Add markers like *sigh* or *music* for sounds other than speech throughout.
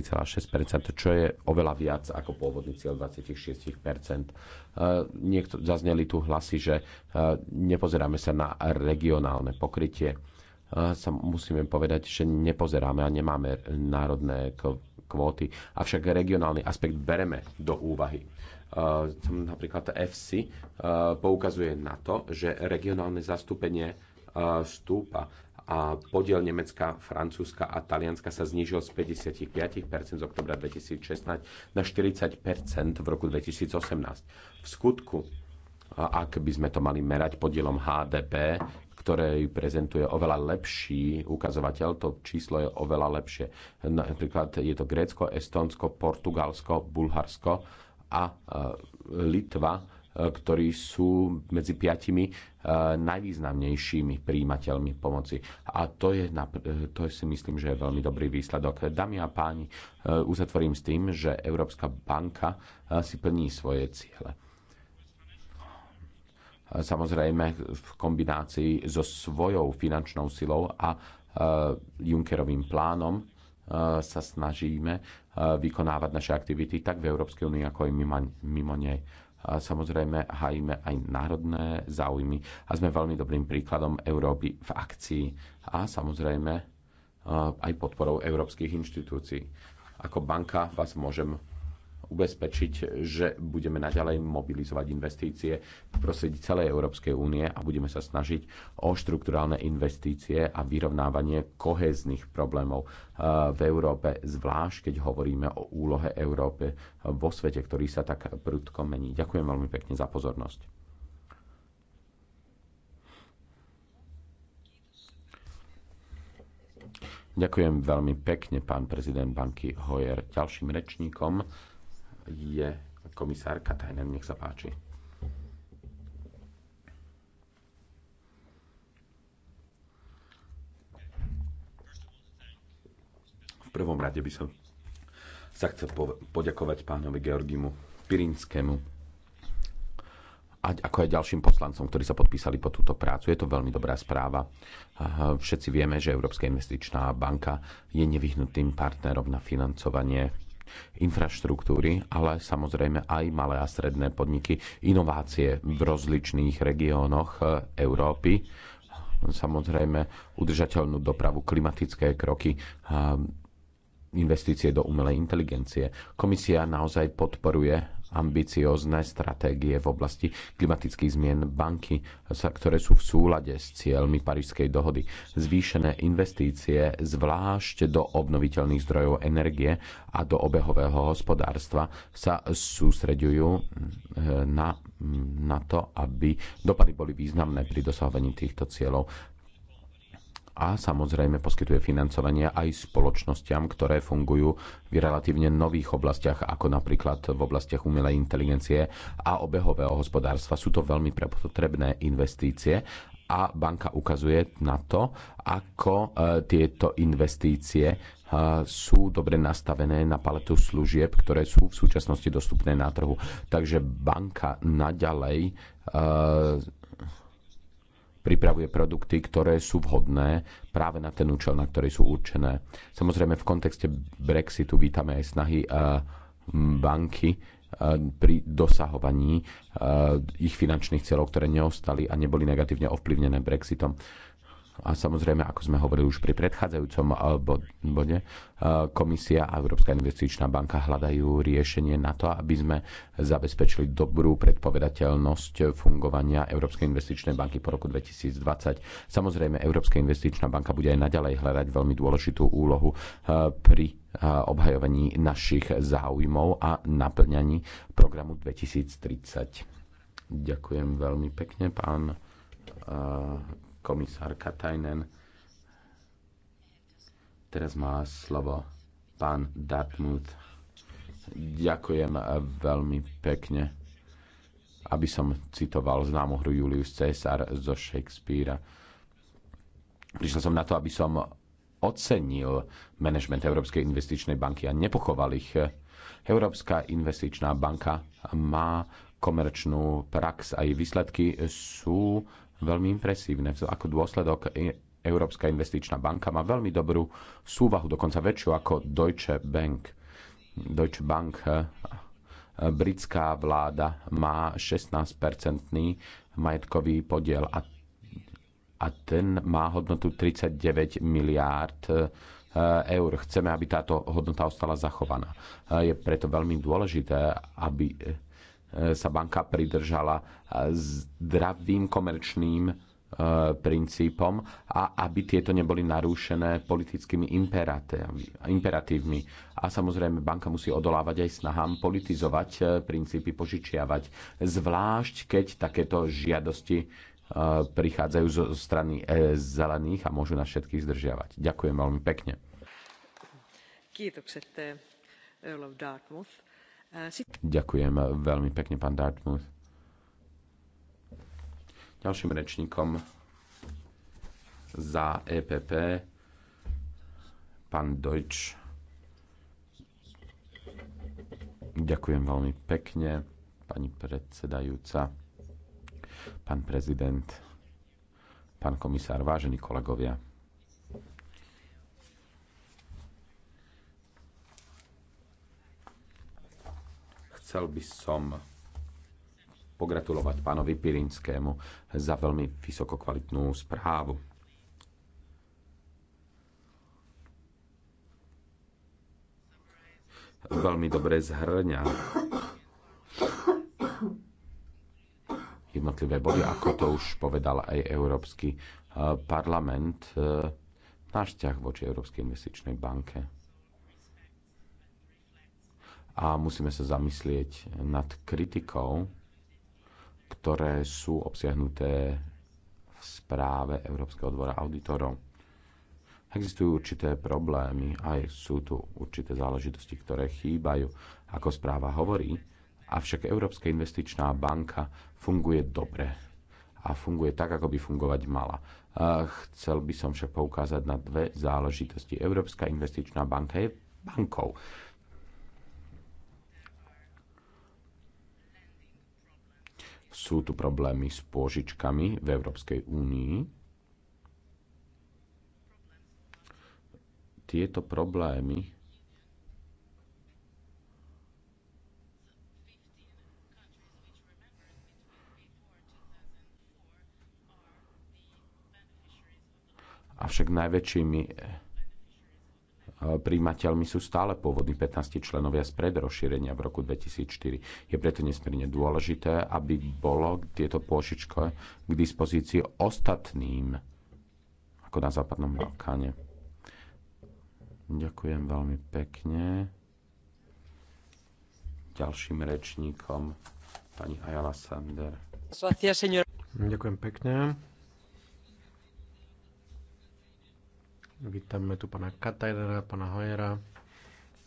3,6%, čo je oveľa viac ako pôvodný cieľ 26%. E, niekto, zazneli tu hlasy, že e, nepozeráme sa na regionálne pokrytie. E, sa musíme povedať, že nepozeráme a nemáme národné kvóty, avšak regionálny aspekt bereme do úvahy. Napríklad FC poukazuje na to, že regionálne zastúpenie stúpa a podiel Nemecka, Francúzska a Talianska sa znížil z 55% z oktobra 2016 na 40% v roku 2018. V skutku, ak by sme to mali merať podielom HDP, ktoré prezentuje oveľa lepší ukazovateľ, to číslo je oveľa lepšie. Napríklad je to Grécko, Estonsko, Portugalsko, Bulharsko a e, Litva E, ktorí sú medzi piatimi e, najvýznamnejšími príjimateľmi pomoci. A to, je, e, to si myslím, že je veľmi dobrý výsledok. Dámy a páni, uzatvorím s tým, že Európska banka si plní svoje ciele samozrejme v kombinácii so svojou finančnou silou a Junckerovým plánom sa snažíme vykonávať naše aktivity tak v Európskej únii, ako aj mimo, mimo nej a samozrejme hajíme aj národné záujmy a sme veľmi dobrým príkladom Európy v akcii a samozrejme aj podporou európskych inštitúcií. Ako banka vás môžem ubezpečiť, že budeme naďalej mobilizovať investície v prostredí celej Európskej únie a budeme sa snažiť o štruktúrálne investície a vyrovnávanie kohezných problémov eh, v Európe, zvlášť keď hovoríme o úlohe Európe vo svete, ktorý sa tak prudko mení. Ďakujem veľmi pekne za pozornosť. Ďakujem veľmi pekne, pán prezident banky Hoyer. Ďalším rečníkom je komisárka Katajnen. Nech sa páči. V prvom rade by som sa chcel poďakovať pánovi Georgimu Pirinskému a ako aj ďalším poslancom, ktorí sa podpísali po túto prácu. Je to veľmi dobrá správa. Všetci vieme, že Európska investičná banka je nevyhnutým partnerom na financovanie infraštruktúry, ale samozrejme aj malé a stredné podniky, inovácie v rozličných regiónoch eh, Európy, samozrejme udržateľnú dopravu, klimatické kroky, eh, investície do umelej inteligencie. Komisia naozaj podporuje ambiciózne stratégie v oblasti klimatických zmien banky, ktoré sú v súlade s cieľmi Parížskej dohody. Zvýšené investície zvlášť do obnoviteľných zdrojov energie a do obehového hospodárstva sa sústreďujú eh, na, na to, aby dopady boli významné pri dosahovaní týchto cieľov a samozrejme poskytuje financovanie aj spoločnosťam, ktoré fungujú v relatívne nových oblastiach, ako napríklad v oblastiach umelej inteligencie a obehového hospodárstva. Sú to veľmi potrebné investície a banka ukazuje na to, ako e, tieto investície e, sú dobre nastavené na paletu služieb, ktoré sú v súčasnosti dostupné na trhu. Takže banka naďalej e, pripravuje produkty, ktoré sú vhodné práve na ten účel, na ktorý sú určené. Samozrejme, v kontexte Brexitu vítame aj snahy eh, banky eh, pri dosahovaní eh, ich finančných cieľov, ktoré neostali a neboli negatívne ovplyvnené Brexitom. A samozrejme, ako sme hovorili už pri predchádzajúcom eh, bode, eh, Komisia a Európska investičná banka hľadajú riešenie na to, aby sme zabezpečili dobrú predpovedateľnosť fungovania Európskej investičnej banky po roku 2020. Samozrejme, Európska investičná banka bude aj naďalej hľadať veľmi dôležitú úlohu eh, pri obhajovaní našich záujmov a naplňaní programu 2030. Ďakujem veľmi pekne, pán komisár Katajnen. Teraz má slovo pán Dartmouth. Ďakujem veľmi pekne, aby som citoval známu hru Julius Caesar zo Shakespearea. Prišiel som na to, aby som ocenil manažment Európskej investičnej banky a nepochoval ich. Európska investičná banka má komerčnú prax a jej výsledky sú veľmi impresívne. Ako dôsledok e- Európska investičná banka má veľmi dobrú súvahu, dokonca väčšiu ako Deutsche Bank. Deutsche Bank, e, e, britská vláda má 16-percentný majetkový podiel a, a ten má hodnotu 39 miliárd eur. Chceme, aby táto hodnota ostala zachovaná. Je preto veľmi dôležité, aby E, sa banka pridržala e, zdravým komerčným e, princípom a aby tieto neboli narúšené politickými imperatívmi. A samozrejme, banka musí odolávať aj snahám politizovať princípy požičiavať, zvlášť keď takéto žiadosti prichádzajú zo strany zelených a môžu nás všetkých zdržiavať. Ďakujem veľmi pekne. Kiitokset Dartmouth. Ďakujem veľmi pekne, pán Dartmouth. Ďalším rečníkom za EPP pán Deutsch. Ďakujem veľmi pekne, pani predsedajúca, pán prezident, pán komisár, vážení kolegovia. Chcel by som pogratulovať pánovi Pirinskému za veľmi vysokokvalitnú správu. Veľmi dobre zhrňa jednotlivé body, ako to už povedal aj Európsky eh, parlament, eh, náš ťah voči Európskej investičnej banke a musíme sa zamyslieť nad kritikou, ktoré sú obsiahnuté v správe Európskeho dvora auditorov. Existujú určité problémy, aj sú tu určité záležitosti, ktoré chýbajú, ako správa hovorí, avšak Európska investičná banka funguje dobre a funguje tak, ako by fungovať mala. Chcel by som však poukázať na dve záležitosti. Európska investičná banka je bankou. Sú tu problémy s pôžičkami v Európskej únii. Tieto problémy avšak najväčšími E, príjimateľmi sú stále pôvodní 15 členovia spred rozšírenia v roku 2004. Je preto nesmierne dôležité, aby bolo tieto pôžičko k dispozícii ostatným, ako na Západnom Balkáne. Ďakujem veľmi pekne. Ďalším rečníkom pani Ayala Sander. Ďakujem pekne. Vítame tu pána Katajnera, pána Hojera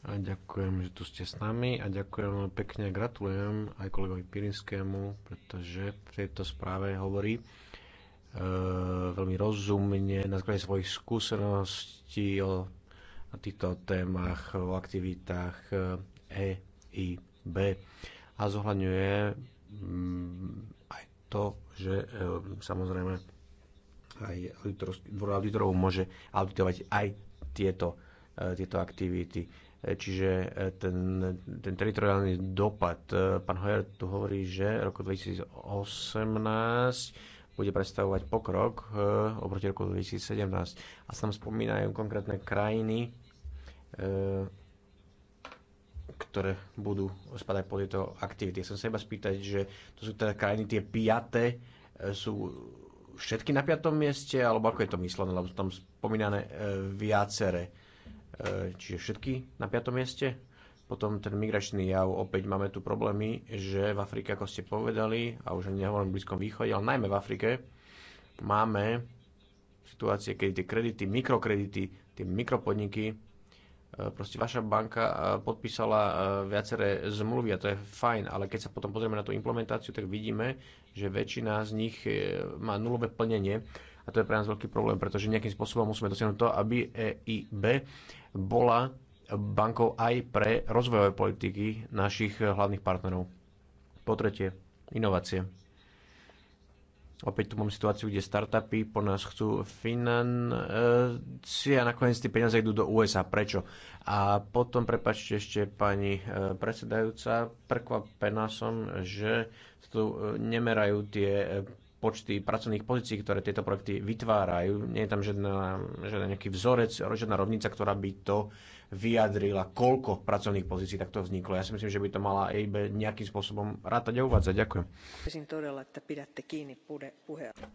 a ďakujem, že tu ste s nami a ďakujem pekne, a gratulujem aj kolegovi Pirinskému, pretože v tejto správe hovorí e, veľmi rozumne na základe svojich skúseností o, o týchto témach, o aktivitách E, e B a zohľadňuje mm, aj to, že e, samozrejme aj dvor auditorov môže auditovať aj tieto, e, tieto aktivity. E, čiže e, ten, ten teritoriálny dopad, pán Hojer tu hovorí, že roku 2018 bude predstavovať pokrok oproti roku 2017. A sa tam spomínajú konkrétne krajiny, ktoré budú spadať pod tieto aktivity. Som sa iba spýtať, že to sú teda krajiny tie piaté, sú všetky na piatom mieste, alebo ako je to myslené, lebo sú tam spomínané e, viacere. E, čiže všetky na piatom mieste? Potom ten migračný jav, opäť máme tu problémy, že v Afrike, ako ste povedali, a už ani nehovorím v Blízkom východe, ale najmä v Afrike, máme situácie, keď tie kredity, mikrokredity, tie mikropodniky Eh, proste vaša banka eh, podpísala eh, viaceré zmluvy a to je fajn, ale keď sa potom pozrieme na tú implementáciu, tak vidíme, že väčšina z nich má nulové plnenie a to je pre nás veľký problém, pretože nejakým spôsobom musíme dosiahnuť to, aby EIB bola bankou aj pre rozvojové politiky našich hlavných partnerov. Po tretie, inovácie Opäť tu mám situáciu, kde startupy po nás chcú financie a nakoniec tie peniaze idú do USA. Prečo? A potom, prepačte ešte pani e, predsedajúca, prekvapená som, že tu e, nemerajú tie e, počty pracovných pozícií, ktoré tieto projekty vytvárajú. Nie je tam žiadna, žiadna nejaký vzorec, žiadna rovnica, ktorá by to vyjadrila, koľko pracovných pozícií takto vzniklo. Ja si myslím, že by to mala EIB nejakým spôsobom rátať a uvádzať. Ďakujem.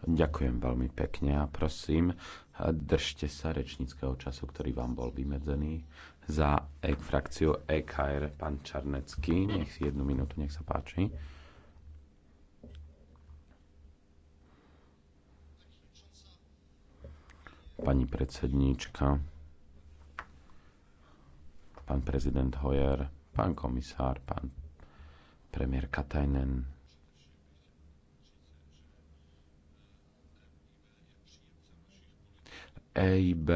Ďakujem veľmi pekne a prosím, držte sa rečníckého času, ktorý vám bol vymedzený za e- frakciu EKR pán Čarnecký. Nech si jednu minútu, nech sa páči. Pani predsedníčka, pán prezident Hoyer, pán komisár, pán premiér Katajnen. EIB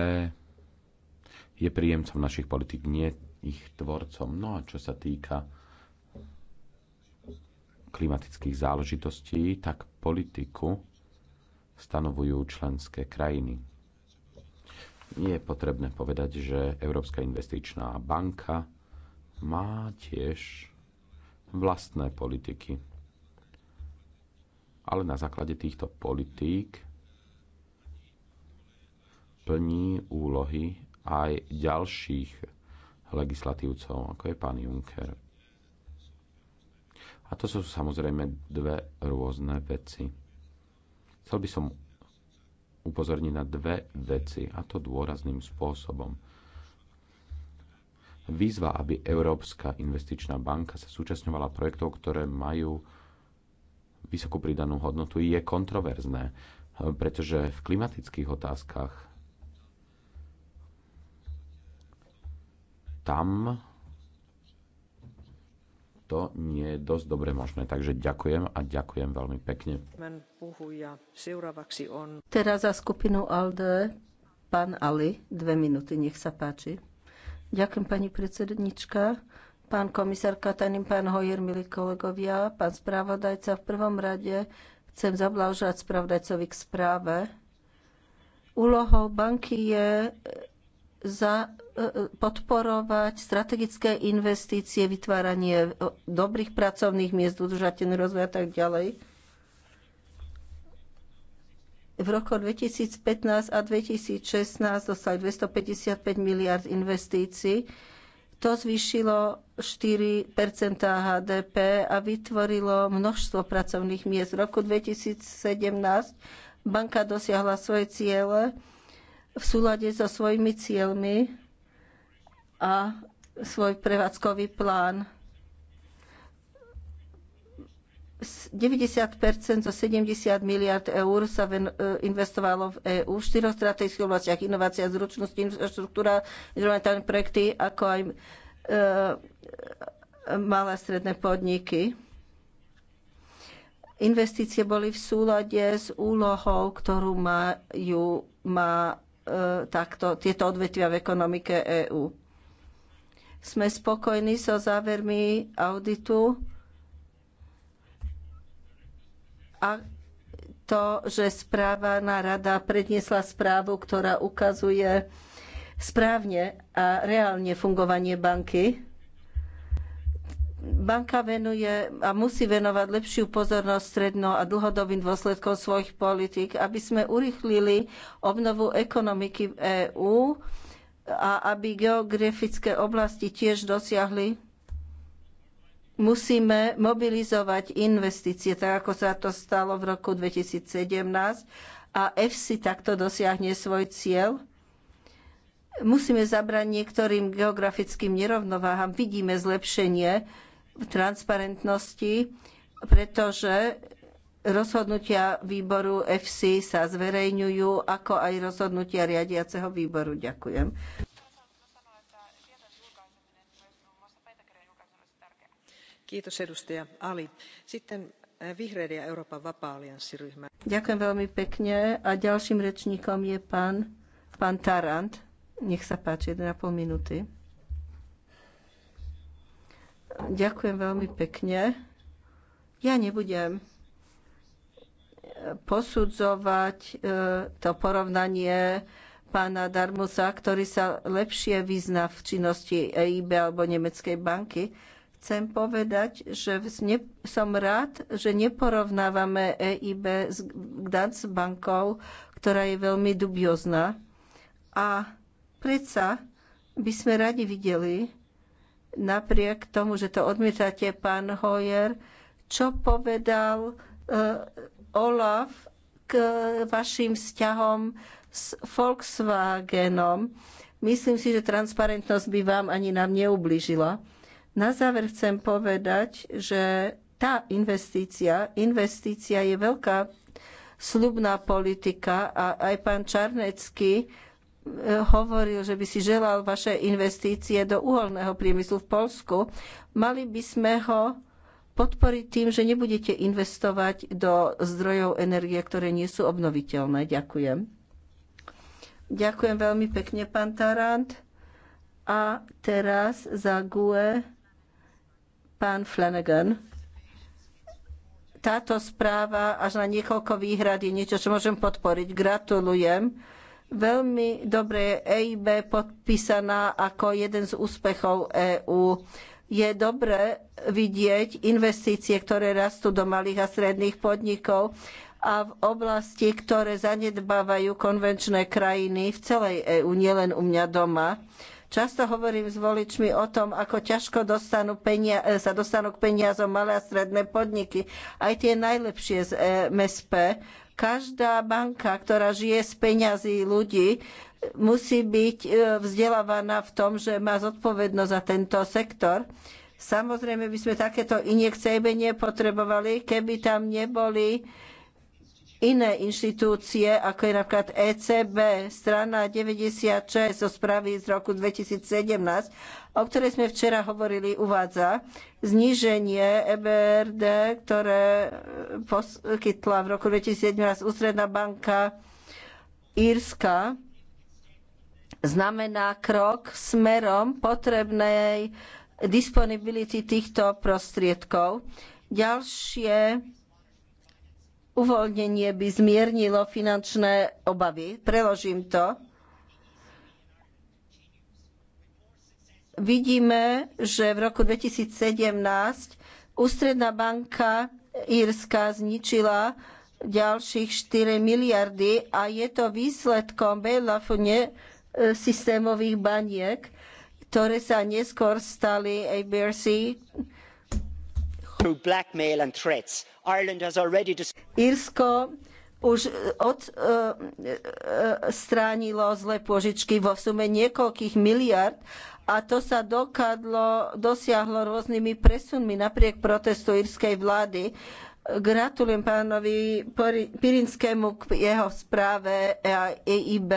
je príjemcom našich politik, nie ich tvorcom. No a čo sa týka klimatických záležitostí, tak politiku stanovujú členské krajiny je potrebné povedať, že Európska investičná banka má tiež vlastné politiky. Ale na základe týchto politík plní úlohy aj ďalších legislatívcov, ako je pán Juncker. A to sú samozrejme dve rôzne veci. Chcel by som Upozorní na dve veci, a to dôrazným spôsobom. Výzva, aby Európska investičná banka sa súčasňovala projektov, ktoré majú vysokú pridanú hodnotu, je kontroverzné, pretože v klimatických otázkach tam to nie je dosť dobre možné. Takže ďakujem a ďakujem veľmi pekne. Teraz za skupinu ALDE pán Ali, dve minúty, nech sa páči. Ďakujem pani predsednička, pán komisár Katanin, pán Hojer, milí kolegovia, pán správodajca. V prvom rade chcem zablážať správodajcovi k správe. Úlohou banky je za, e, e, podporovať strategické investície, vytváranie e, dobrých pracovných miest, udržateľný rozvoj a tak ďalej. V roku 2015 a 2016 dostali 255 miliard investícií. To zvýšilo 4 HDP a vytvorilo množstvo pracovných miest. V roku 2017 banka dosiahla svoje ciele v súlade so svojimi cieľmi a svoj prevádzkový plán. 90 zo 70 miliard eur sa e, investovalo v EÚ v štyroch strategických oblastiach. Inovácia, zručnosti, infraštruktúra, environmentálne projekty, ako aj e, malé a stredné podniky. Investície boli v súlade s úlohou, ktorú majú, má E, takto, tieto odvetvia v ekonomike EÚ. Sme spokojní so závermi auditu a to, že správna rada predniesla správu, ktorá ukazuje správne a reálne fungovanie banky Banka venuje a musí venovať lepšiu pozornosť stredno- a dlhodobým dôsledkom svojich politik, aby sme urýchlili obnovu ekonomiky v EÚ a aby geografické oblasti tiež dosiahli musíme mobilizovať investície, tak ako sa to stalo v roku 2017 a EFSI takto dosiahne svoj cieľ. Musíme zabrať niektorým geografickým nerovnováham. Vidíme zlepšenie v transparentnosti, pretože rozhodnutia výboru FC sa zverejňujú, ako aj rozhodnutia riadiaceho výboru. Ďakujem. Kiitos edustaja Ali. Sitten eh, vihreiden ja Euroopan vapaa-allianssiryhmä. Ďakujem veľmi pekne a ďalším rečníkom je pán, pán Tarant. Nech sa páči, 1,5 minúty. Ďakujem veľmi pekne. Ja nebudem eh, posudzovať eh, to porovnanie pána Darmusa, ktorý sa lepšie vyzna v činnosti EIB alebo Nemeckej banky. Chcem povedať, že som rád, že neporovnávame EIB s bankou, ktorá je veľmi dubiozná. A predsa by sme radi videli, napriek tomu, že to odmietate, pán Hoyer, čo povedal e, Olaf k vašim vzťahom s Volkswagenom. Myslím si, že transparentnosť by vám ani nám neublížila. Na záver chcem povedať, že tá investícia, investícia je veľká slubná politika a aj pán Čarnecký hovoril, že by si želal vaše investície do uholného priemyslu v Polsku, mali by sme ho podporiť tým, že nebudete investovať do zdrojov energie, ktoré nie sú obnoviteľné. Ďakujem. Ďakujem veľmi pekne, pán Tarant. A teraz za GUE pán Flanagan táto správa až na niekoľko výhrad je niečo, čo môžem podporiť. Gratulujem Veľmi dobre je EIB podpísaná ako jeden z úspechov EÚ. Je dobre vidieť investície, ktoré rastú do malých a stredných podnikov a v oblasti, ktoré zanedbávajú konvenčné krajiny v celej EÚ, nielen u mňa doma. Často hovorím s voličmi o tom, ako ťažko dostanú e, sa dostanú k peniazom malé a stredné podniky, aj tie najlepšie z e MSP, Každá banka, ktorá žije z peňazí ľudí, musí byť e, vzdelávaná v tom, že má zodpovednosť za tento sektor. Samozrejme by sme takéto injekcie nepotrebovali, keby tam neboli iné inštitúcie, ako je napríklad ECB, strana 96 zo správy z roku 2017, o ktorej sme včera hovorili, uvádza zníženie EBRD, ktoré eh, poskytla v roku 2017 ústredná banka Írska, znamená krok smerom potrebnej disponibility týchto prostriedkov. Ďalšie uvoľnenie by zmiernilo finančné obavy. Preložím to. Vidíme, že v roku 2017 Ústredná banka Írska zničila ďalších 4 miliardy a je to výsledkom bailoutu e, systémových baniek, ktoré sa neskôr stali ABRC through blackmail and threats. Ireland has already Írsko už e, odstránilo e, e, zlé požičky vo sume niekoľkých miliard a to sa dokadlo, dosiahlo rôznymi presunmi napriek protestu írskej vlády. Gratulujem pánovi Pirinskému k jeho správe a EIB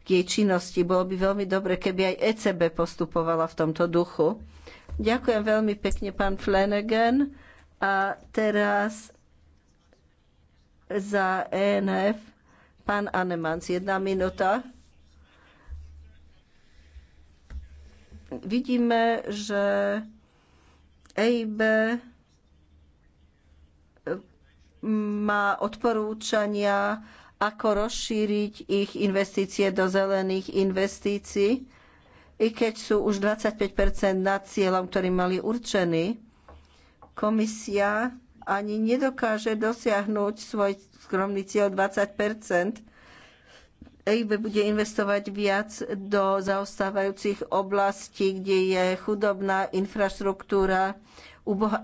k jej činnosti. Bolo by veľmi dobre, keby aj ECB postupovala v tomto duchu. Ďakujem veľmi pekne, pán Flanagan. A teraz za ENF pán Anemans. Jedna minúta. Vidíme, že EIB má odporúčania, ako rozšíriť ich investície do zelených investícií i keď sú už 25 nad cieľom, ktorý mali určený. Komisia ani nedokáže dosiahnuť svoj skromný cieľ 20 EIB bude investovať viac do zaostávajúcich oblastí, kde je chudobná infraštruktúra,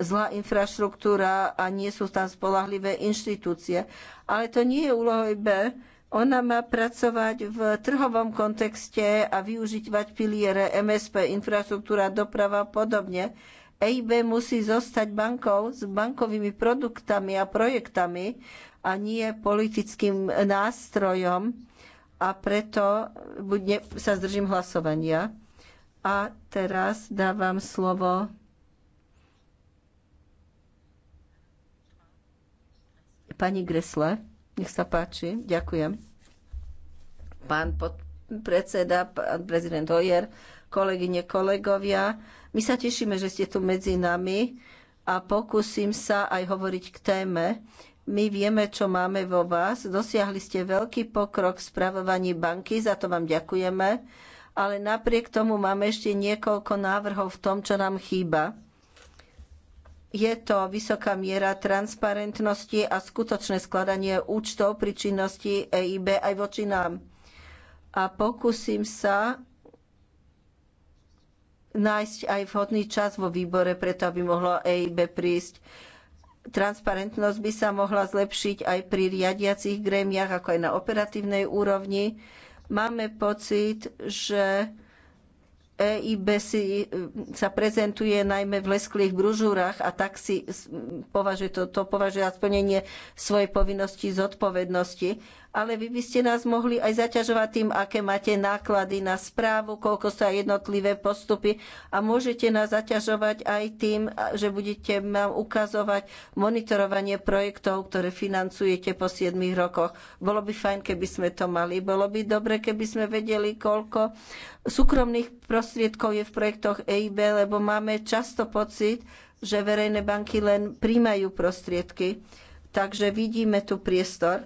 zlá infraštruktúra a nie sú tam spolahlivé inštitúcie. Ale to nie je úloha EIB. Ona má pracovať v trhovom kontexte a využívať piliere MSP, infraštruktúra, doprava a podobne. EIB musí zostať bankou s bankovými produktami a projektami a nie politickým nástrojom a preto budne, sa zdržím hlasovania. A teraz dávam slovo pani Gresle. Nech sa páči. Ďakujem. Pán pod, predseda, pán prezident Hojer, kolegyne, kolegovia. My sa tešíme, že ste tu medzi nami a pokúsim sa aj hovoriť k téme. My vieme, čo máme vo vás. Dosiahli ste veľký pokrok v spravovaní banky, za to vám ďakujeme. Ale napriek tomu máme ešte niekoľko návrhov v tom, čo nám chýba je to vysoká miera transparentnosti a skutočné skladanie účtov pri činnosti EIB aj voči nám. A pokúsim sa nájsť aj vhodný čas vo výbore, preto aby mohlo EIB prísť. Transparentnosť by sa mohla zlepšiť aj pri riadiacich grémiach, ako aj na operatívnej úrovni. Máme pocit, že EIB si, e, sa prezentuje najmä v lesklých bružúrach a tak si považuje to, to považuje za splnenie svojej povinnosti zodpovednosti ale vy by ste nás mohli aj zaťažovať tým, aké máte náklady na správu, koľko sa jednotlivé postupy a môžete nás zaťažovať aj tým, že budete nám ukazovať monitorovanie projektov, ktoré financujete po 7 rokoch. Bolo by fajn, keby sme to mali. Bolo by dobre, keby sme vedeli, koľko súkromných prostriedkov je v projektoch EIB, lebo máme často pocit, že verejné banky len príjmajú prostriedky. Takže vidíme tu priestor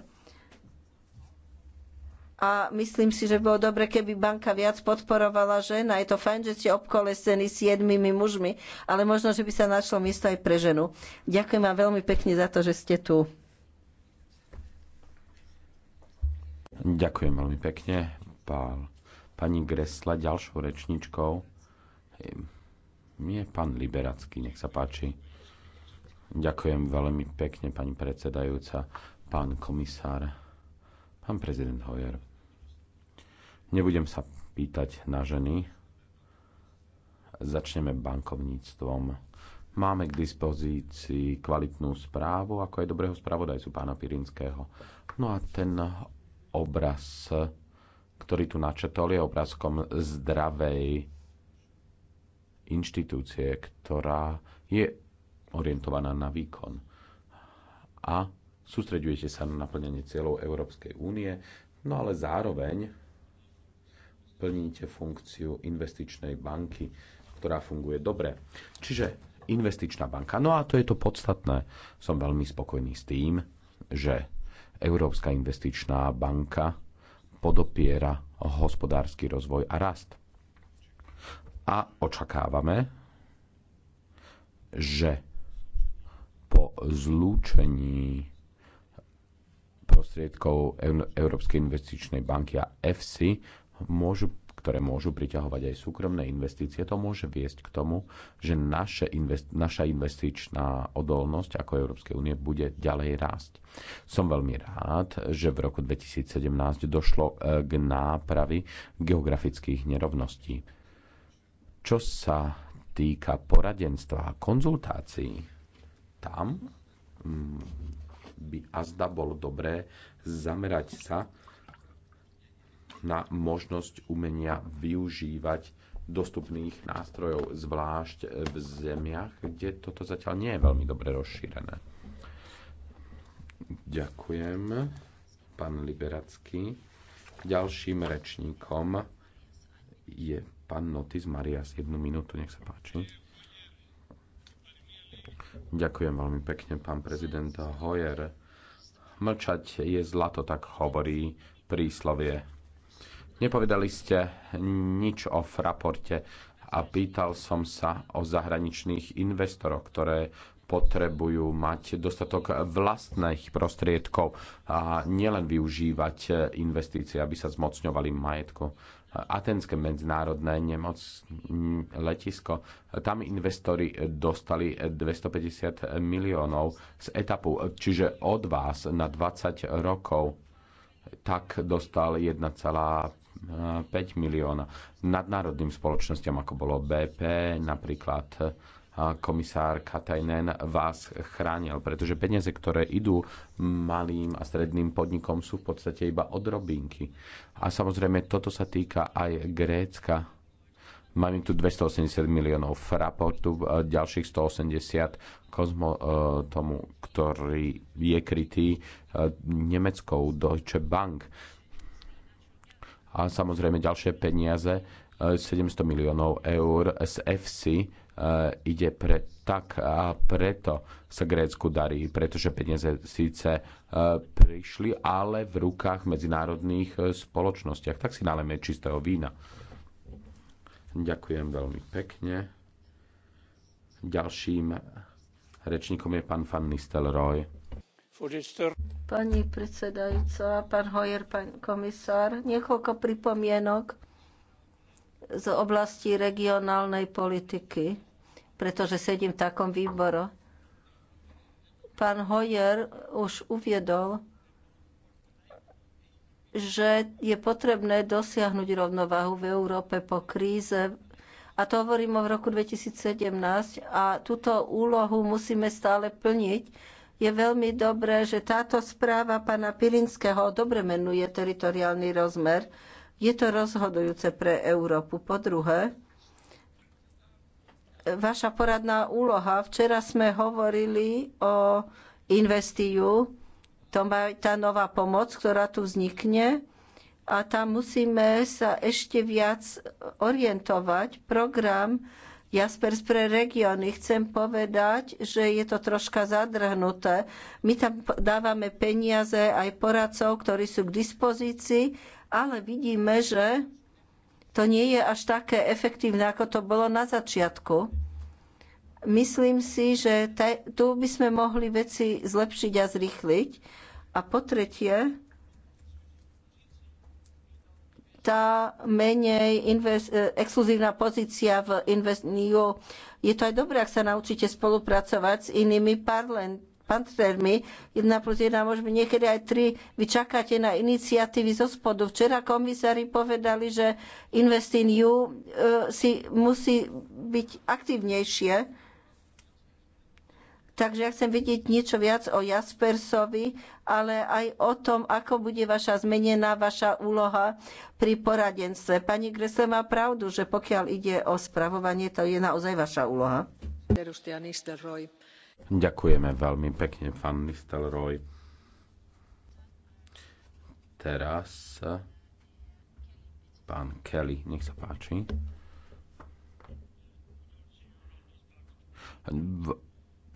a myslím si, že bolo dobre, keby banka viac podporovala žena. Je to fajn, že ste obkolesení s siedmimi mužmi, ale možno, že by sa našlo miesto aj pre ženu. Ďakujem vám veľmi pekne za to, že ste tu. Ďakujem veľmi pekne, pán. Pani Gresla, ďalšou rečničkou je pán Liberacký, nech sa páči. Ďakujem veľmi pekne, pani predsedajúca, pán komisár, pán prezident Hoyer. Nebudem sa pýtať na ženy. Začneme bankovníctvom. Máme k dispozícii kvalitnú správu, ako aj dobrého spravodajcu pána Pirinského. No a ten obraz, ktorý tu načetol, je obrazkom zdravej inštitúcie, ktorá je orientovaná na výkon. A sústreďujete sa na naplnenie cieľov Európskej únie, no ale zároveň plníte funkciu investičnej banky, ktorá funguje dobre. Čiže investičná banka. No a to je to podstatné. Som veľmi spokojný s tým, že Európska investičná banka podopiera hospodársky rozvoj a rast. A očakávame, že po zlúčení prostriedkov Európskej investičnej banky a EFSI môžu, ktoré môžu priťahovať aj súkromné investície, to môže viesť k tomu, že naše invest, naša investičná odolnosť ako Európskej únie bude ďalej rásť. Som veľmi rád, že v roku 2017 došlo e, k nápravy geografických nerovností. Čo sa týka poradenstva a konzultácií, tam mm, by azda bolo dobré zamerať sa na možnosť umenia využívať dostupných nástrojov, zvlášť v zemiach, kde toto zatiaľ nie je veľmi dobre rozšírené. Ďakujem, pán Liberacký. Ďalším rečníkom je pán Notis Marias. Jednu minútu, nech sa páči. Ďakujem veľmi pekne, pán prezident Hoyer. Mlčať je zlato, tak hovorí príslovie. Nepovedali ste nič o Fraporte a pýtal som sa o zahraničných investoroch, ktoré potrebujú mať dostatok vlastných prostriedkov a nielen využívať investície, aby sa zmocňovali majetku. Atenské medzinárodné nemoc, letisko, tam investori dostali 250 miliónov z etapu, čiže od vás na 20 rokov tak dostal 5 milióna Nadnárodným spoločnosťam, ako bolo BP, napríklad komisár Katajnen vás chránil, pretože peniaze, ktoré idú malým a stredným podnikom, sú v podstate iba odrobinky. A samozrejme, toto sa týka aj Grécka. Máme tu 280 miliónov Fraportu, e, ďalších 180 Kozmo e, tomu, ktorý je krytý e, nemeckou Deutsche Bank a samozrejme ďalšie peniaze, 700 e, miliónov eur z FC e, ide pre tak a preto sa Grécku darí, pretože peniaze síce e, prišli, ale v rukách medzinárodných spoločnostiach. Tak si naleme čistého vína. Ďakujem veľmi pekne. Ďalším rečníkom je pán Van Nistelrooy. Pani predsedajúca, pán Hojer, pán komisár, niekoľko pripomienok z oblasti regionálnej politiky, pretože sedím v takom výboru. Pán Hojer už uviedol, že je potrebné dosiahnuť rovnováhu v Európe po kríze a to hovorím o v roku 2017 a túto úlohu musíme stále plniť je veľmi dobré, že táto správa pána Pirinského dobre menuje teritoriálny rozmer. Je to rozhodujúce pre Európu. Po druhé, vaša poradná úloha. Včera sme hovorili o investiu, to má tá nová pomoc, ktorá tu vznikne a tam musíme sa ešte viac orientovať. Program Jaspers pre regióny. Chcem povedať, že je to troška zadrhnuté. My tam dávame peniaze aj poradcov, ktorí sú k dispozícii, ale vidíme, že to nie je až také efektívne, ako to bolo na začiatku. Myslím si, že tu by sme mohli veci zlepšiť a zrychliť. A po tretie, tá menej invest, e, exkluzívna pozícia v InvestNEU. Je to aj dobré, ak sa naučíte spolupracovať s inými parlamentmi partnermi. Jedna plus jedna môžeme byť niekedy aj tri. Vy čakáte na iniciatívy zo spodu. Včera komisári povedali, že uh, si musí byť aktívnejšie Takže ja chcem vedieť niečo viac o Jaspersovi, ale aj o tom, ako bude vaša zmenená vaša úloha pri poradenstve. Pani Gresle má pravdu, že pokiaľ ide o spravovanie, to je naozaj vaša úloha. Ďakujeme veľmi pekne, pán Nistelrooy. Teraz pán Kelly, nech sa páči.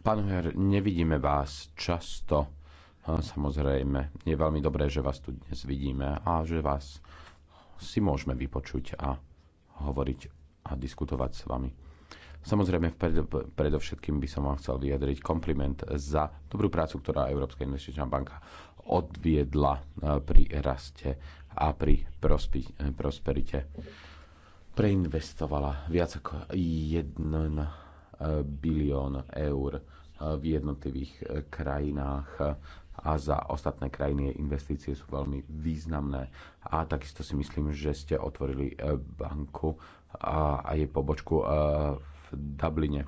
Pán Hujer, nevidíme vás často. Samozrejme, je veľmi dobré, že vás tu dnes vidíme a že vás si môžeme vypočuť a hovoriť a diskutovať s vami. Samozrejme, predovšetkým by som vám chcel vyjadriť kompliment za dobrú prácu, ktorá Európska investičná banka odviedla e, pri raste a pri e, prosperite. Preinvestovala viac ako 1 bilión eur v jednotlivých krajinách a za ostatné krajiny investície sú veľmi významné. A takisto si myslím, že ste otvorili e, banku a jej pobočku e, v Dubline.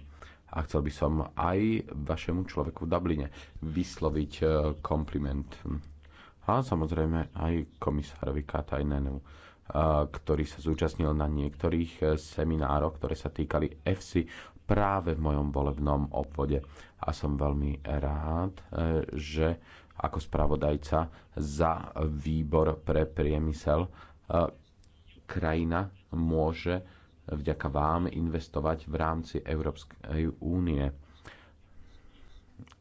A chcel by som aj vašemu človeku v Dubline vysloviť e, kompliment. A samozrejme aj komisárovi Katajnenu ktorý sa zúčastnil na niektorých seminároch, ktoré sa týkali EFSI práve v mojom volebnom obvode. A som veľmi rád, e, že ako spravodajca za výbor pre priemysel e, krajina môže vďaka vám investovať v rámci Európskej únie.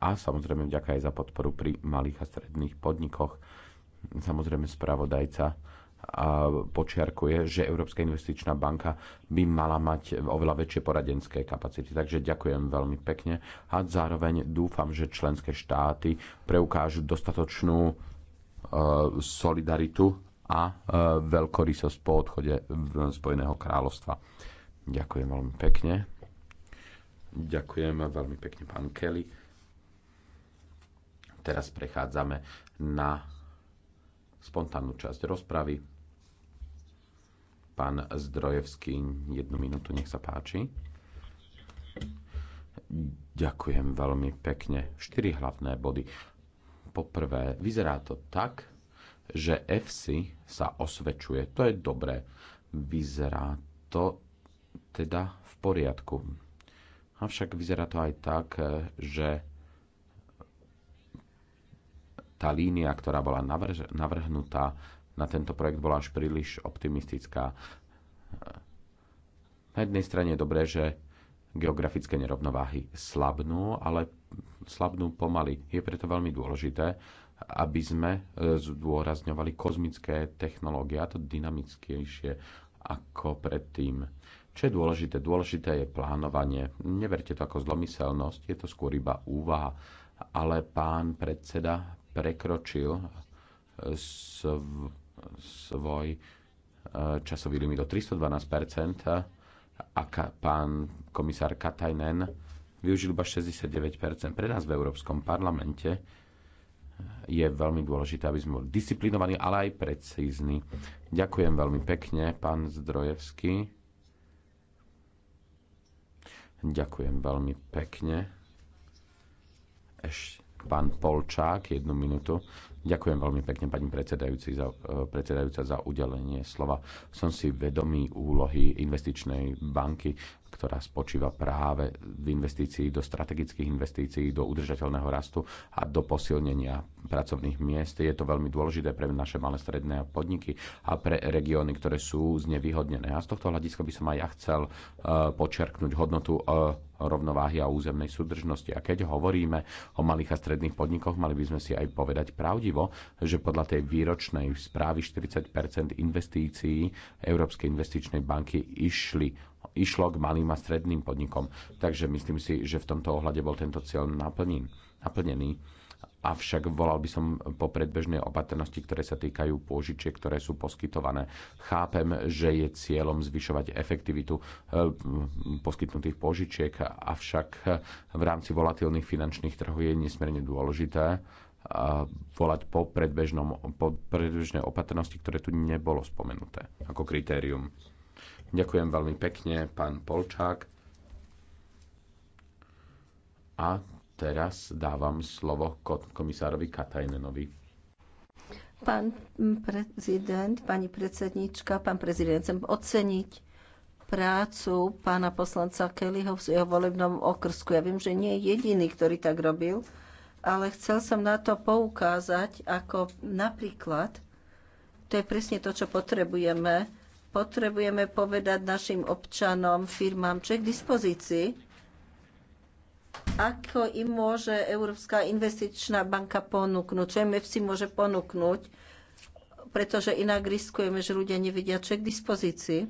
A samozrejme vďaka aj za podporu pri malých a stredných podnikoch. Samozrejme spravodajca počiarkuje, že Európska investičná banka by mala mať oveľa väčšie poradenské kapacity. Takže ďakujem veľmi pekne a zároveň dúfam, že členské štáty preukážu dostatočnú e, solidaritu a e, veľkorysosť po odchode Spojeného kráľovstva. Ďakujem veľmi pekne. Ďakujem veľmi pekne, pán Kelly. Teraz prechádzame na spontánnu časť rozpravy. Pán Zdrojevský, jednu minútu, nech sa páči. Ďakujem veľmi pekne. Štyri hlavné body. Poprvé, vyzerá to tak, že FC sa osvečuje. To je dobré. Vyzerá to teda v poriadku. Avšak vyzerá to aj tak, že tá línia, ktorá bola navrhnutá na tento projekt, bola až príliš optimistická. Na jednej strane je dobré, že geografické nerovnováhy slabnú, ale slabnú pomaly. Je preto veľmi dôležité, aby sme e, zdôrazňovali kozmické technológie, a to dynamickejšie ako predtým. Čo je dôležité? Dôležité je plánovanie. Neverte to ako zlomyselnosť, je to skôr iba úvaha. Ale pán predseda, prekročil eh, sv, svoj eh, časový limit o 312 eh, a pán komisár Katajnen využil iba 69 Pre nás v Európskom parlamente je veľmi dôležité, aby sme boli disciplinovaní, ale aj precízni. Ďakujem veľmi pekne, pán Zdrojevský. Ďakujem veľmi pekne. Ešte Pán Polčák, jednu minútu. Ďakujem veľmi pekne, pani predsedajúci, za, e, predsedajúca, za udelenie slova. Som si vedomý úlohy investičnej banky ktorá spočíva práve v investícii do strategických investícií, do udržateľného rastu a do posilnenia pracovných miest. Je to veľmi dôležité pre naše malé stredné podniky a pre regióny, ktoré sú znevýhodnené. A z tohto hľadiska by som aj ja chcel e, počerknúť hodnotu e, rovnováhy a územnej súdržnosti. A keď hovoríme o malých a stredných podnikoch, mali by sme si aj povedať pravdivo, že podľa tej výročnej správy 40 investícií Európskej investičnej banky išli išlo k malým a stredným podnikom. Takže myslím si, že v tomto ohľade bol tento cieľ naplnený. Avšak volal by som po predbežnej opatrnosti, ktoré sa týkajú pôžičiek, ktoré sú poskytované. Chápem, že je cieľom zvyšovať efektivitu eh, poskytnutých pôžičiek, avšak eh, v rámci volatilných finančných trhov je nesmierne dôležité, eh, volať po, po predbežnej opatrnosti, ktoré tu nebolo spomenuté ako kritérium. Ďakujem veľmi pekne, pán Polčák. A teraz dávam slovo komisárovi Katajnenovi. Pán prezident, pani predsednička, pán prezident, chcem oceniť prácu pána poslanca Kellyho v jeho volebnom okrsku. Ja viem, že nie je jediný, ktorý tak robil, ale chcel som na to poukázať ako napríklad, to je presne to, čo potrebujeme, potrebujeme povedať našim občanom, firmám, čo je k dispozícii, ako im môže Európska investičná banka ponúknuť, čo im si môže ponúknuť, pretože inak riskujeme, že ľudia nevidia, čo je k dispozícii.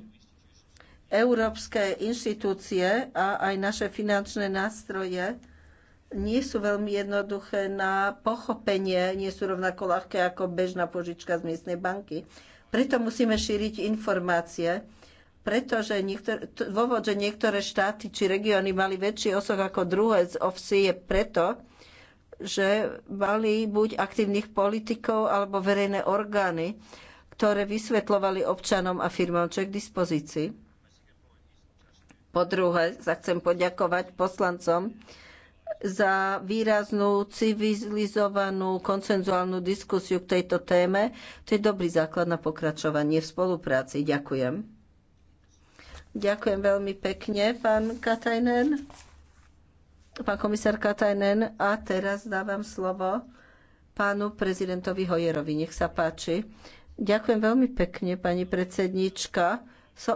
Európske inštitúcie a aj naše finančné nástroje nie sú veľmi jednoduché na pochopenie, nie sú rovnako ľahké ako bežná požička z miestnej banky. Preto musíme šíriť informácie, pretože niektor- dôvod, že niektoré štáty či regióny mali väčší osoch ako druhé z OVSI je preto, že mali buď aktívnych politikov alebo verejné orgány, ktoré vysvetľovali občanom a firmám, čo je k dispozícii. Po druhé, sa chcem poďakovať poslancom, za výraznú, civilizovanú, koncenzuálnu diskusiu k tejto téme. To je dobrý základ na pokračovanie v spolupráci. Ďakujem. Ďakujem veľmi pekne, pán Katajnen. Pán komisár Katajnen. A teraz dávam slovo pánu prezidentovi Hojerovi. Nech sa páči. Ďakujem veľmi pekne, pani predsednička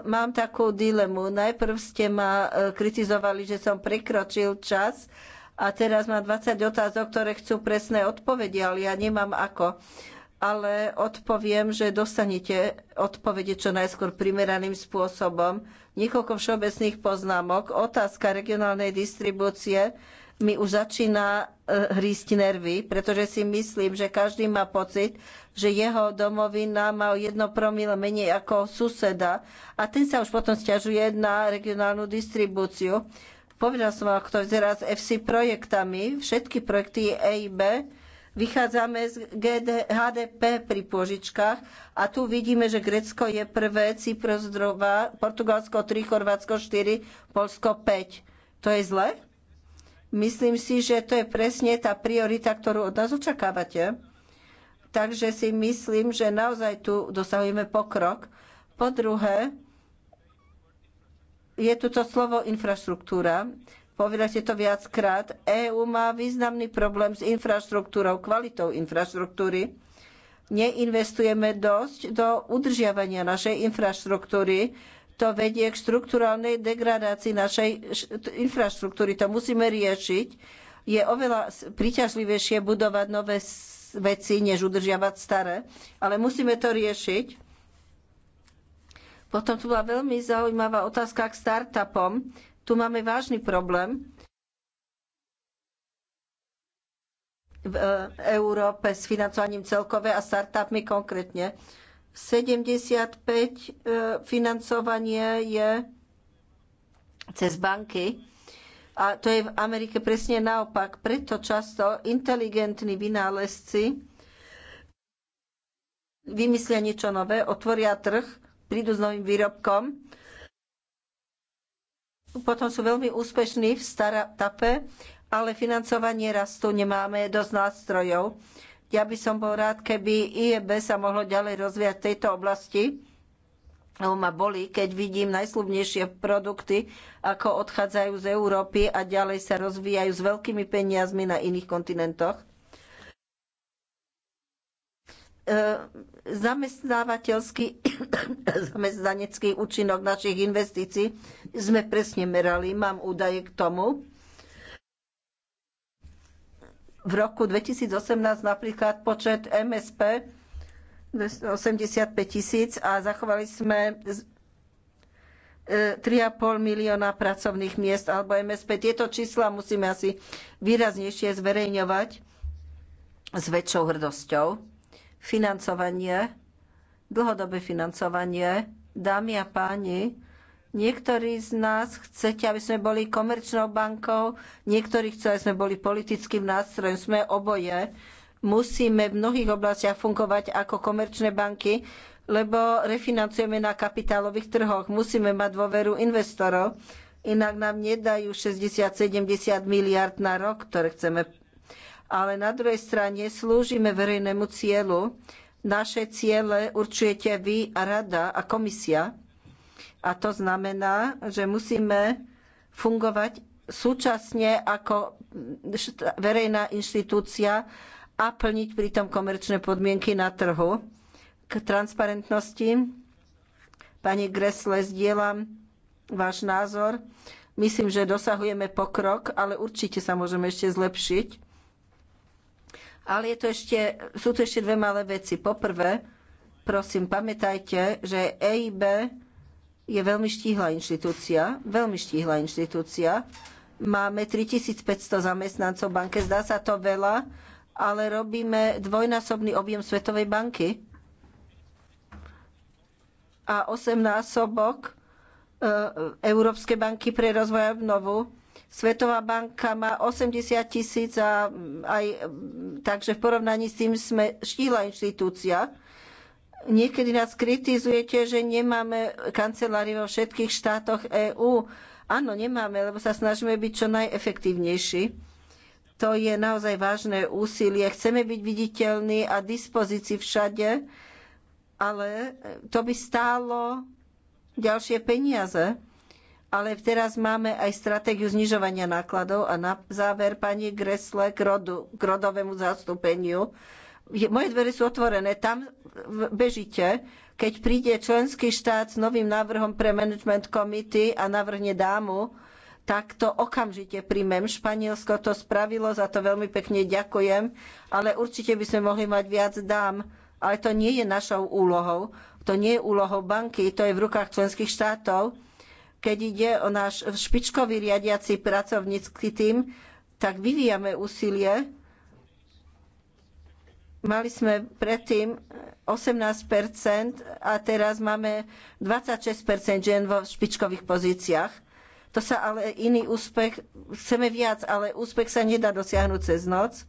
mám takú dilemu. Najprv ste ma e, kritizovali, že som prekročil čas a teraz mám 20 otázok, ktoré chcú presné odpovede, ale ja nemám ako. Ale odpoviem, že dostanete odpovede čo najskôr primeraným spôsobom. Niekoľko všeobecných poznámok. Otázka regionálnej distribúcie mi už začína e, hrísť nervy, pretože si myslím, že každý má pocit, že jeho domovina má o jedno promile menej ako suseda a ten sa už potom sťažuje na regionálnu distribúciu. Povedal som vám, kto vyzerá s FC projektami. Všetky projekty EIB vychádzame z GD, HDP pri pôžičkách a tu vidíme, že Grecko je prvé, Cyprus druhá, Portugalsko 3, Chorvátsko 4, Polsko 5. To je zle? Myslím si, že to je presne tá priorita, ktorú od nás očakávate. Takže si myslím, že naozaj tu dosahujeme pokrok. Po druhé, je tu to slovo infraštruktúra. Povedali ste to viackrát. EÚ má významný problém s infraštruktúrou, kvalitou infraštruktúry. Neinvestujeme dosť do udržiavania našej infraštruktúry. To vedie k štruktúrálnej degradácii našej infraštruktúry. To musíme riešiť. Je oveľa príťažlivejšie budovať nové veci, než udržiavať staré. Ale musíme to riešiť potom tu bola veľmi zaujímavá otázka k startupom. Tu máme vážny problém v e, Európe s financovaním celkové a startupmi konkrétne. 75 e, financovanie je cez banky. A to je v Amerike presne naopak. Preto často inteligentní vynálezci vymyslia niečo nové, otvoria trh prídu s novým výrobkom, potom sú veľmi úspešní v startupe, ale financovanie rastu nemáme dosť nástrojov. Ja by som bol rád, keby IEB sa mohlo ďalej rozvíjať v tejto oblasti. Lebo ma boli, keď vidím najslubnejšie produkty, ako odchádzajú z Európy a ďalej sa rozvíjajú s veľkými peniazmi na iných kontinentoch. E, zamestnávateľský *coughs* zamestnanecký účinok našich investícií sme presne merali, mám údaje k tomu. V roku 2018 napríklad počet MSP 285 tisíc a zachovali sme 3,5 e, milióna pracovných miest alebo MSP. Tieto čísla musíme asi výraznejšie zverejňovať s väčšou hrdosťou financovanie, dlhodobé financovanie. Dámy a páni, niektorí z nás chcete, aby sme boli komerčnou bankou, niektorí chcú, aby sme boli politickým nástrojom. Sme oboje. Musíme v mnohých oblastiach fungovať ako komerčné banky, lebo refinancujeme na kapitálových trhoch. Musíme mať dôveru investorov, inak nám nedajú 60-70 miliard na rok, ktoré chceme ale na druhej strane slúžime verejnému cieľu. Naše ciele určujete vy a rada a komisia. A to znamená, že musíme fungovať súčasne ako verejná inštitúcia a plniť pritom komerčné podmienky na trhu. K transparentnosti, pani Gresle, zdieľam váš názor. Myslím, že dosahujeme pokrok, ale určite sa môžeme ešte zlepšiť ale je to ešte, sú tu ešte dve malé veci. Poprvé, prosím, pamätajte, že EIB je veľmi štíhla inštitúcia, veľmi štíhla inštitúcia. Máme 3500 zamestnancov v banke, zdá sa to veľa, ale robíme dvojnásobný objem Svetovej banky a 8 násobok Európskej banky pre rozvoj a obnovu Svetová banka má 80 tisíc, a aj, takže v porovnaní s tým sme štíhla inštitúcia. Niekedy nás kritizujete, že nemáme kancelári vo všetkých štátoch EÚ. Áno, nemáme, lebo sa snažíme byť čo najefektívnejší. To je naozaj vážne úsilie. Chceme byť viditeľní a dispozícii všade, ale to by stálo ďalšie peniaze ale teraz máme aj stratégiu znižovania nákladov a na záver pani Gresle k, rodu, k rodovému zastúpeniu. Moje dvere sú otvorené, tam bežite. Keď príde členský štát s novým návrhom pre management committee a navrhne dámu, tak to okamžite príjmem. Španielsko to spravilo, za to veľmi pekne ďakujem, ale určite by sme mohli mať viac dám. Ale to nie je našou úlohou, to nie je úlohou banky, to je v rukách členských štátov keď ide o náš špičkový riadiaci pracovnícky tím, tak vyvíjame úsilie. Mali sme predtým 18 a teraz máme 26 žien vo špičkových pozíciách. To sa ale iný úspech, chceme viac, ale úspech sa nedá dosiahnuť cez noc.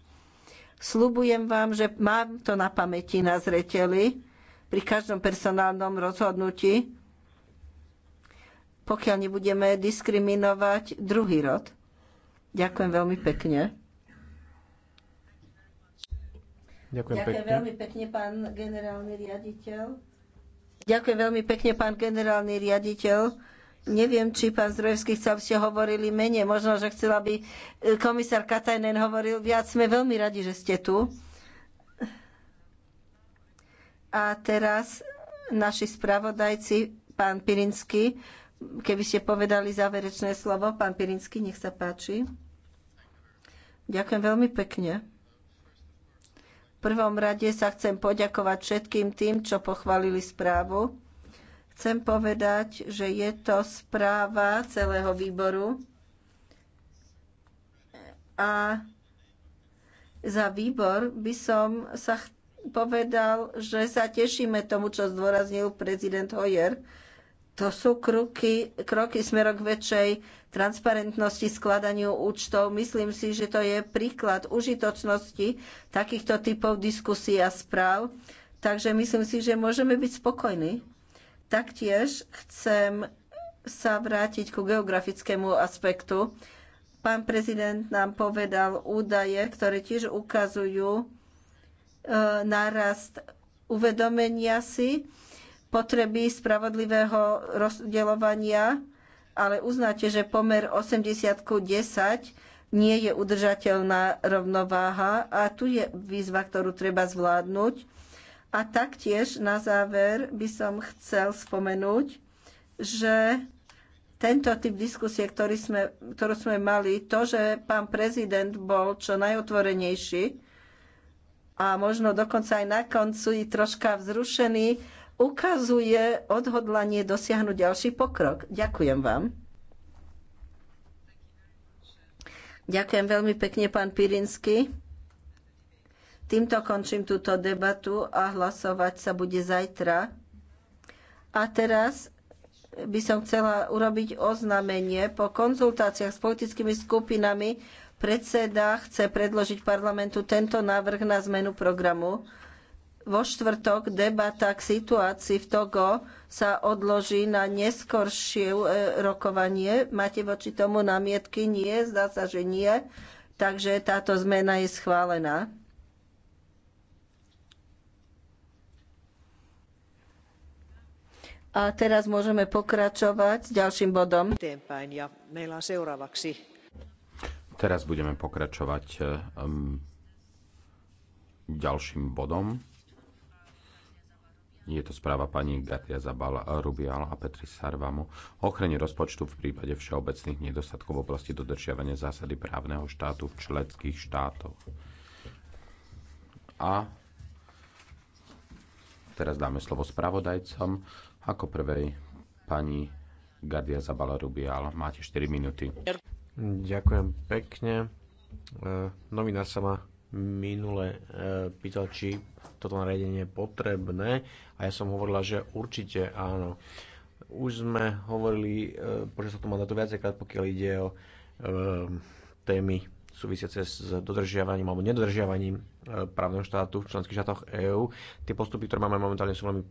Slubujem vám, že mám to na pamäti, na zreteli pri každom personálnom rozhodnutí pokiaľ nebudeme diskriminovať druhý rod. Ďakujem veľmi pekne. Ďakujem, Ďakujem pekne. veľmi pekne, pán generálny riaditeľ. Ďakujem veľmi pekne, pán generálny riaditeľ. Neviem, či pán Zdrojevský chcel, aby ste hovorili menej. Možno, že chcela by e, komisár Katajnen hovoril viac. Sme veľmi radi, že ste tu. A teraz naši spravodajci, pán Pirinsky, keby ste povedali záverečné slovo. Pán Pirinsky, nech sa páči. Ďakujem veľmi pekne. V prvom rade sa chcem poďakovať všetkým tým, čo pochválili správu. Chcem povedať, že je to správa celého výboru a za výbor by som sa povedal, že sa tešíme tomu, čo zdôraznil prezident Hoyer, to sú kroky, kroky smerom k väčšej transparentnosti, skladaniu účtov. Myslím si, že to je príklad užitočnosti takýchto typov diskusí a správ. Takže myslím si, že môžeme byť spokojní. Taktiež chcem sa vrátiť ku geografickému aspektu. Pán prezident nám povedal údaje, ktoré tiež ukazujú e, nárast uvedomenia si, potreby spravodlivého rozdeľovania, ale uznáte, že pomer 80 ku 10 nie je udržateľná rovnováha a tu je výzva, ktorú treba zvládnuť. A taktiež na záver by som chcel spomenúť, že tento typ diskusie, ktorý sme, ktorú sme mali, to, že pán prezident bol čo najotvorenejší a možno dokonca aj na konci troška vzrušený, ukazuje odhodlanie dosiahnuť ďalší pokrok. Ďakujem vám. Ďakujem veľmi pekne, pán Pirinsky. Týmto končím túto debatu a hlasovať sa bude zajtra. A teraz by som chcela urobiť oznámenie. Po konzultáciách s politickými skupinami predseda chce predložiť parlamentu tento návrh na zmenu programu. Vo štvrtok debata k situácii v Togo sa odloží na neskoršie e, rokovanie. Máte voči tomu namietky? Nie, zdá sa, že nie. Takže táto zmena je schválená. A teraz môžeme pokračovať s ďalším bodom. Teraz budeme pokračovať ďalším bodom. Je to správa pani Gatia Zabala Rubial a Petri Sarvamu o ochrane rozpočtu v prípade všeobecných nedostatkov v oblasti dodržiavania zásady právneho štátu v členských štátoch. A teraz dáme slovo spravodajcom. Ako prvej pani Gadia Zabala Rubial. Máte 4 minúty. Ďakujem pekne. E, Novinár sa ma minule e, pýtal, či toto nariadenie je potrebné a ja som hovorila, že určite áno. Už sme hovorili e, počas tohto mandátu viacejkrát, pokiaľ ide o e, témy súvisiace s dodržiavaním alebo nedodržiavaním právneho štátu v členských štátoch EÚ. Tie postupy, ktoré máme momentálne, sú veľmi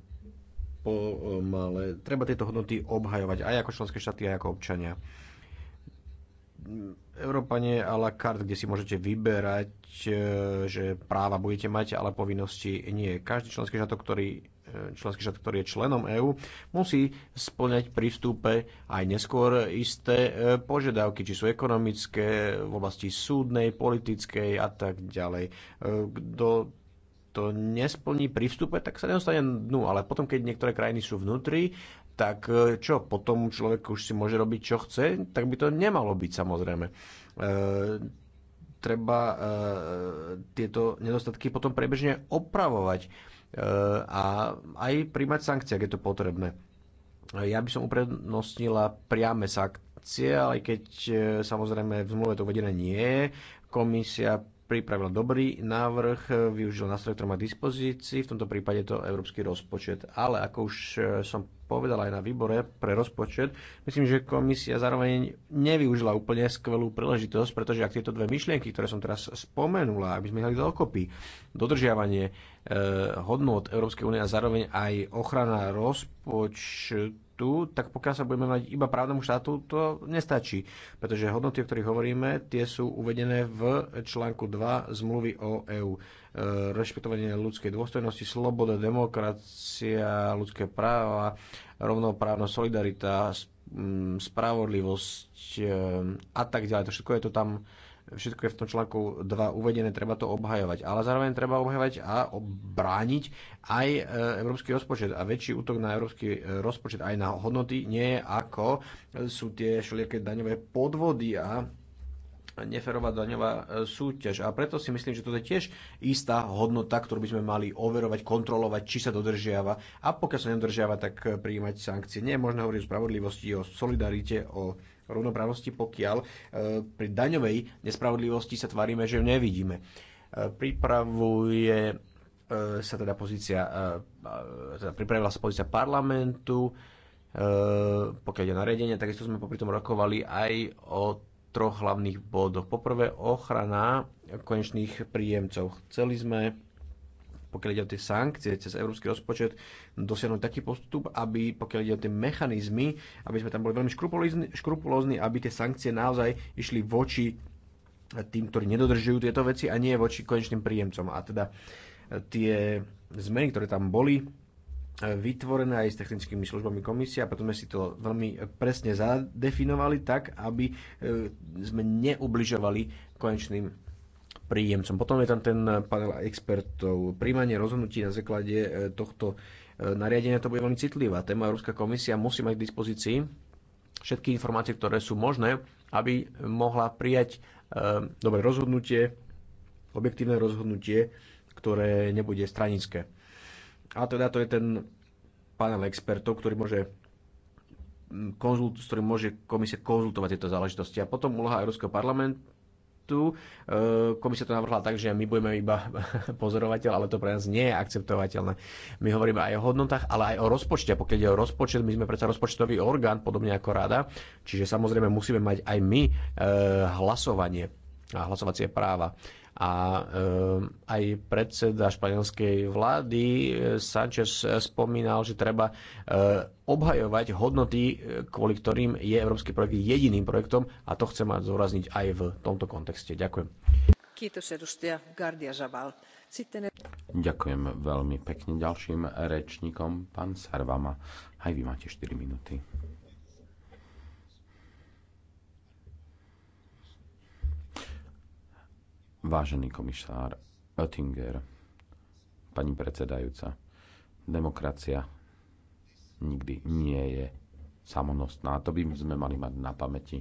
pomalé. Treba tieto hodnoty obhajovať aj ako členské štáty, aj ako občania Európa nie je a la carte, kde si môžete vyberať, e, že práva budete mať, ale povinnosti nie. Každý členský štát, ktorý e, členský štát, ktorý je členom EÚ, musí splňať prístupe aj neskôr isté e, požiadavky, či sú ekonomické, v oblasti súdnej, politickej a tak ďalej. Kto to nesplní prístupe, tak sa nedostane dnu. Ale potom, keď niektoré krajiny sú vnútri, tak e, čo, potom človek už si môže robiť, čo chce, tak by to nemalo byť samozrejme. E, treba e, tieto nedostatky potom prebežne opravovať e, a aj príjmať sankcie, ak je to potrebné. Ja by som uprednostnila priame sankcie, ale keď e, samozrejme v zmluve to uvedené nie je, komisia pripravila dobrý návrh, e, využil nástroj, ktorý má dispozícii, v tomto prípade to európsky rozpočet. Ale ako už som povedala aj na výbore pre rozpočet, myslím, že komisia zároveň nevyužila úplne skvelú príležitosť, pretože ak tieto dve myšlienky, ktoré som teraz spomenula, aby sme hali dokopy, dodržiavanie e, hodnot Európskej únie a zároveň aj ochrana rozpočtu, štátu, tak pokiaľ sa budeme mať iba právnemu štátu, to nestačí, pretože hodnoty, o ktorých hovoríme, tie sú uvedené v článku 2 zmluvy o EÚ. E, rešpektovanie ľudskej dôstojnosti, sloboda, demokracia, ľudské práva, rovnoprávna solidarita, mm, spravodlivosť e, a tak ďalej. To všetko je to tam všetko je v tom článku 2 uvedené, treba to obhajovať. Ale zároveň treba obhajovať a obrániť aj e, európsky rozpočet. A väčší útok na európsky e, rozpočet aj na hodnoty nie je ako e, sú tie všelijaké daňové podvody a neferová daňová súťaž. A preto si myslím, že toto je tiež istá hodnota, ktorú by sme mali overovať, kontrolovať, či sa dodržiava. A pokiaľ sa nedodržiava, tak prijímať sankcie. Nie je možné hovoriť o spravodlivosti, o solidarite, o rovnoprávnosti, pokiaľ e, pri daňovej nespravodlivosti sa tvárime, že ju nevidíme. E, pripravuje e, sa teda pozícia, teda pripravila sa pozícia parlamentu, pokiaľ ide nariadenie, takisto sme popri tom rokovali aj o troch hlavných bodoch. Poprvé ochrana konečných príjemcov. Chceli sme pokiaľ ide o tie sankcie cez európsky rozpočet, dosiahnuť taký postup, aby pokiaľ ide o tie mechanizmy, aby sme tam boli veľmi škrupulózni, aby tie sankcie naozaj išli voči tým, ktorí nedodržujú tieto veci a nie voči konečným príjemcom. A teda e, tie zmeny, ktoré tam boli, e, vytvorené aj s technickými službami komisie a preto sme si to veľmi presne zadefinovali tak, aby e, sme neubližovali konečným príjemcom. Potom je tam ten panel expertov. Príjmanie rozhodnutí na základe e, tohto e, nariadenia to bude veľmi citlivá téma. Európska komisia musí mať k dispozícii všetky informácie, ktoré sú možné, aby mohla prijať e, dobré rozhodnutie, objektívne rozhodnutie, ktoré nebude stranické. A teda to je ten panel expertov, ktorý môže konzult, s ktorým môže komisia konzultovať tieto záležitosti. A potom úloha Európskeho parlamentu tu. E, komisia to navrhla tak, že my budeme iba *laughs* pozorovateľ, ale to pre nás nie je akceptovateľné. My hovoríme aj o hodnotách, ale aj o rozpočte. Pokiaľ ide o rozpočet, my sme predsa rozpočtový orgán, podobne ako rada, čiže samozrejme musíme mať aj my e, hlasovanie a hlasovacie práva. A eh, aj predseda španielskej vlády eh, Sanchez eh, spomínal, že treba obhajovať hodnoty, kvôli ktorým je európsky projekt jediným projektom a to chcem mať zdôrazniť aj v tomto kontexte. Ďakujem. Ďakujem veľmi pekne ďalším rečníkom, pán Sarvama. Aj vy máte 4 minúty. Vážený komisár Oettinger, pani predsedajúca, demokracia nikdy nie je samonostná. To by sme mali mať na pamäti.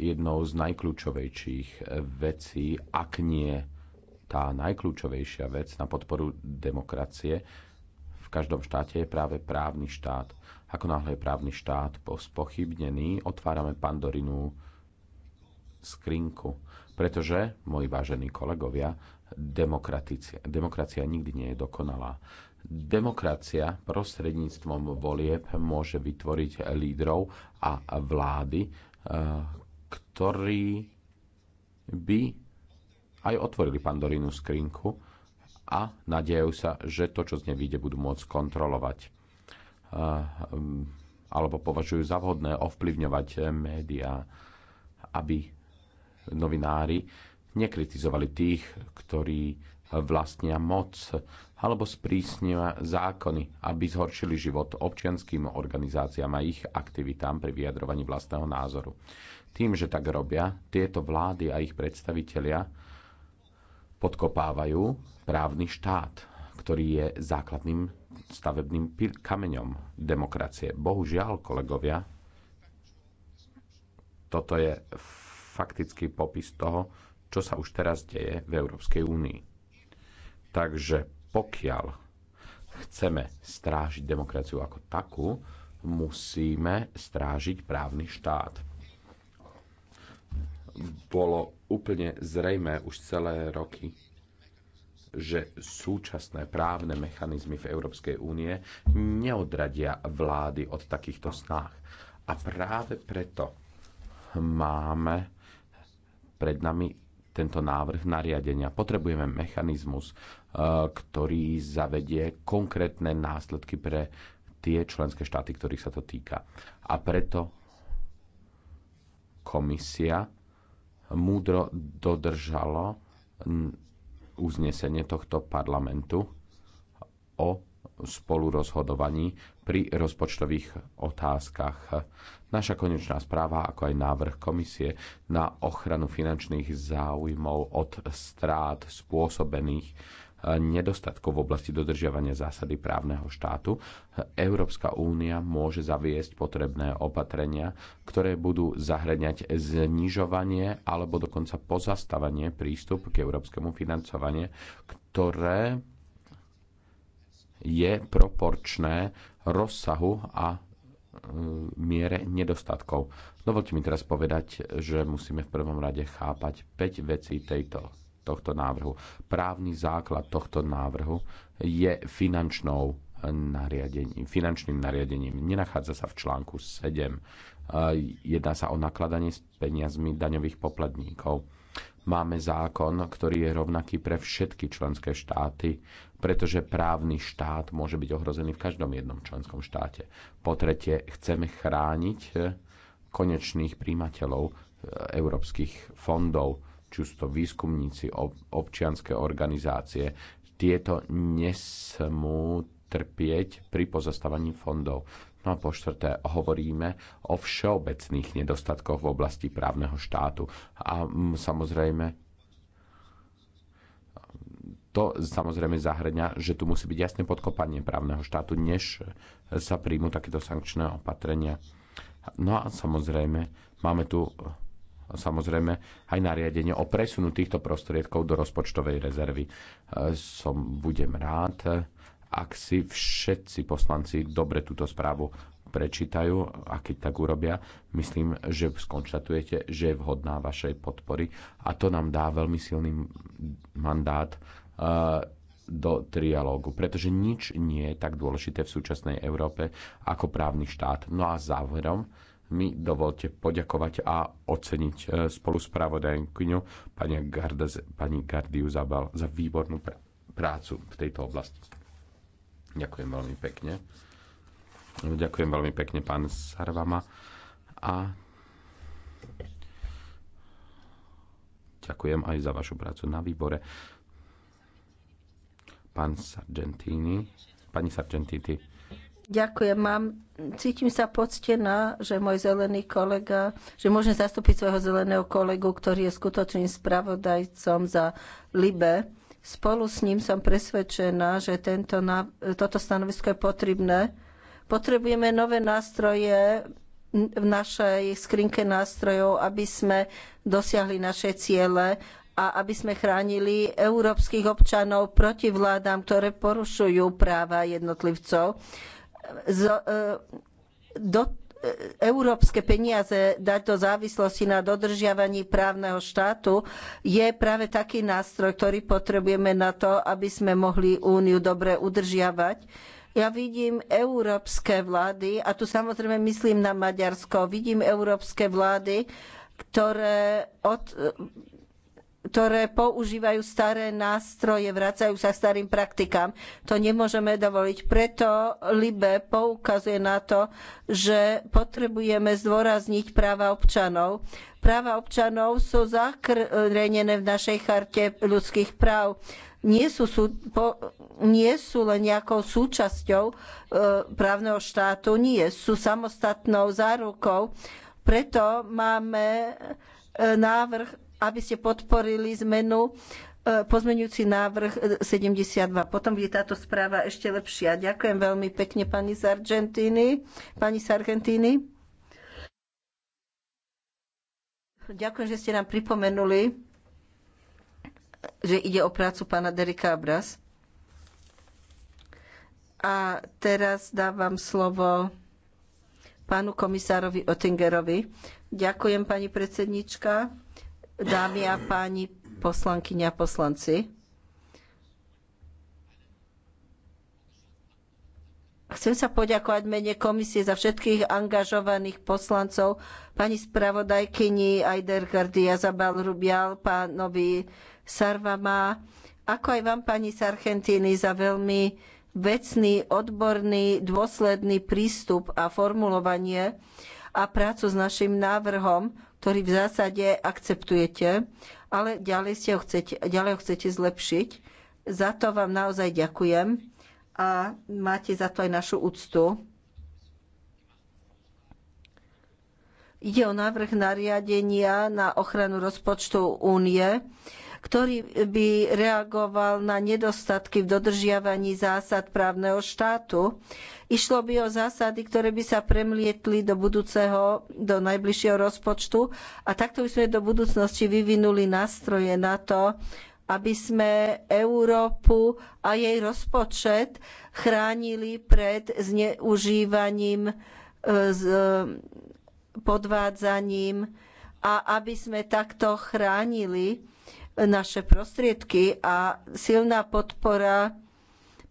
Jednou z najkľúčovejších vecí, ak nie tá najkľúčovejšia vec na podporu demokracie v každom štáte je práve právny štát. Ako náhle je právny štát spochybnený, otvárame pandorinu skrinku. Pretože, moji vážení kolegovia, demokracia, nikdy nie je dokonalá. Demokracia prostredníctvom volieb môže vytvoriť lídrov a vlády, eh, ktorí by aj otvorili Pandorínu skrinku a nadejajú sa, že to, čo z nej vyjde, budú môcť kontrolovať eh, alebo považujú za vhodné ovplyvňovať médiá, aby novinári nekritizovali tých, ktorí vlastnia moc alebo sprísnia zákony, aby zhoršili život občianským organizáciám a ich aktivitám pri vyjadrovaní vlastného názoru. Tým, že tak robia, tieto vlády a ich predstavitelia podkopávajú právny štát, ktorý je základným stavebným kameňom demokracie. Bohužiaľ, kolegovia, toto je faktický popis toho, čo sa už teraz deje v Európskej únii. Takže pokiaľ chceme strážiť demokraciu ako takú, musíme strážiť právny štát. Bolo úplne zrejme už celé roky, že súčasné právne mechanizmy v Európskej únie neodradia vlády od takýchto snách. A práve preto máme pred nami tento návrh nariadenia. Potrebujeme mechanizmus, e, ktorý zavedie konkrétne následky pre tie členské štáty, ktorých sa to týka. A preto komisia múdro dodržalo uznesenie tohto parlamentu o spolurozhodovaní pri rozpočtových otázkach. Naša konečná správa, ako aj návrh komisie na ochranu finančných záujmov od strát spôsobených eh, nedostatkov v oblasti dodržiavania zásady právneho štátu, Európska únia môže zaviesť potrebné opatrenia, ktoré budú zahrňať znižovanie alebo dokonca pozastavanie prístup k európskemu financovanie, ktoré je proporčné rozsahu a e, miere nedostatkov. Dovolte mi teraz povedať, že musíme v prvom rade chápať 5 vecí tejto, tohto návrhu. Právny základ tohto návrhu je finančnou nariadením, finančným nariadením. Nenachádza sa v článku 7. E, jedná sa o nakladanie s peniazmi daňových poplatníkov. Máme zákon, ktorý je rovnaký pre všetky členské štáty pretože právny štát môže byť ohrozený v každom jednom členskom štáte. Po tretie, chceme chrániť eh, konečných príjimateľov eh, európskych fondov, či sú to výskumníci, občianské organizácie. Tieto nesmú trpieť pri pozastavaní fondov. No a po štvrté, hovoríme o všeobecných nedostatkoch v oblasti právneho štátu. A mm, samozrejme, to samozrejme zahrňa, že tu musí byť jasné podkopanie právneho štátu, než sa príjmu takéto sankčné opatrenia. No a samozrejme, máme tu samozrejme aj nariadenie o presunu týchto prostriedkov do rozpočtovej rezervy. Som, budem rád, ak si všetci poslanci dobre túto správu prečítajú a keď tak urobia, myslím, že skonštatujete, že je vhodná vašej podpory a to nám dá veľmi silný mandát do trialógu, pretože nič nie je tak dôležité v súčasnej Európe ako právny štát. No a záverom mi dovolte poďakovať a oceniť e, spolu spravodajkyňu pani, pani Gardiu Zabal za výbornú pr- prácu v tejto oblasti. Ďakujem veľmi pekne. Ďakujem veľmi pekne, pán Sarvama. A ďakujem aj za vašu prácu na výbore pán Sargentini. Pani Sargentini. Ďakujem, mám. Cítim sa poctená, že môj zelený kolega, že môžem zastúpiť svojho zeleného kolegu, ktorý je skutočným spravodajcom za Libe. Spolu s ním som presvedčená, že tento, toto stanovisko je potrebné. Potrebujeme nové nástroje v našej skrinke nástrojov, aby sme dosiahli naše ciele a aby sme chránili európskych občanov proti vládám, ktoré porušujú práva jednotlivcov. Z, e, do, e, európske peniaze dať do závislosti na dodržiavaní právneho štátu je práve taký nástroj, ktorý potrebujeme na to, aby sme mohli úniu dobre udržiavať. Ja vidím európske vlády, a tu samozrejme myslím na Maďarsko, vidím európske vlády, ktoré od, ktoré používajú staré nástroje, vracajú sa starým praktikám. To nemôžeme dovoliť. Preto Libe poukazuje na to, že potrebujeme zdôrazniť práva občanov. Práva občanov sú zakrenené v našej charte ľudských práv. Nie sú, sú, po, nie sú len nejakou súčasťou e, právneho štátu, nie sú samostatnou zárukou. Preto máme e, návrh aby ste podporili zmenu e, pozmeňujúci návrh 72. E, Potom je táto správa ešte lepšia. Ďakujem veľmi pekne pani z Argentíny. Pani z Argentíny. Ďakujem, že ste nám pripomenuli, že ide o prácu pána Derika Abras. A teraz dávam slovo pánu komisárovi Otingerovi. Ďakujem, pani predsednička. Dámy a páni poslankyňa a poslanci, Chcem sa poďakovať mene komisie za všetkých angažovaných poslancov, pani spravodajkyni Aider Gardia Zabal Rubial, pánovi Sarvama, ako aj vám, pani Sargentini, za veľmi vecný, odborný, dôsledný prístup a formulovanie a prácu s našim návrhom ktorý v zásade akceptujete, ale ďalej, ste ho chcete, ďalej ho chcete zlepšiť. Za to vám naozaj ďakujem a máte za to aj našu úctu. Ide o návrh nariadenia na ochranu rozpočtu únie ktorý by reagoval na nedostatky v dodržiavaní zásad právneho štátu. Išlo by o zásady, ktoré by sa premietli do budúceho, do najbližšieho rozpočtu a takto by sme do budúcnosti vyvinuli nástroje na to, aby sme Európu a jej rozpočet chránili pred zneužívaním, e, e, podvádzaním a aby sme takto chránili naše prostriedky a silná podpora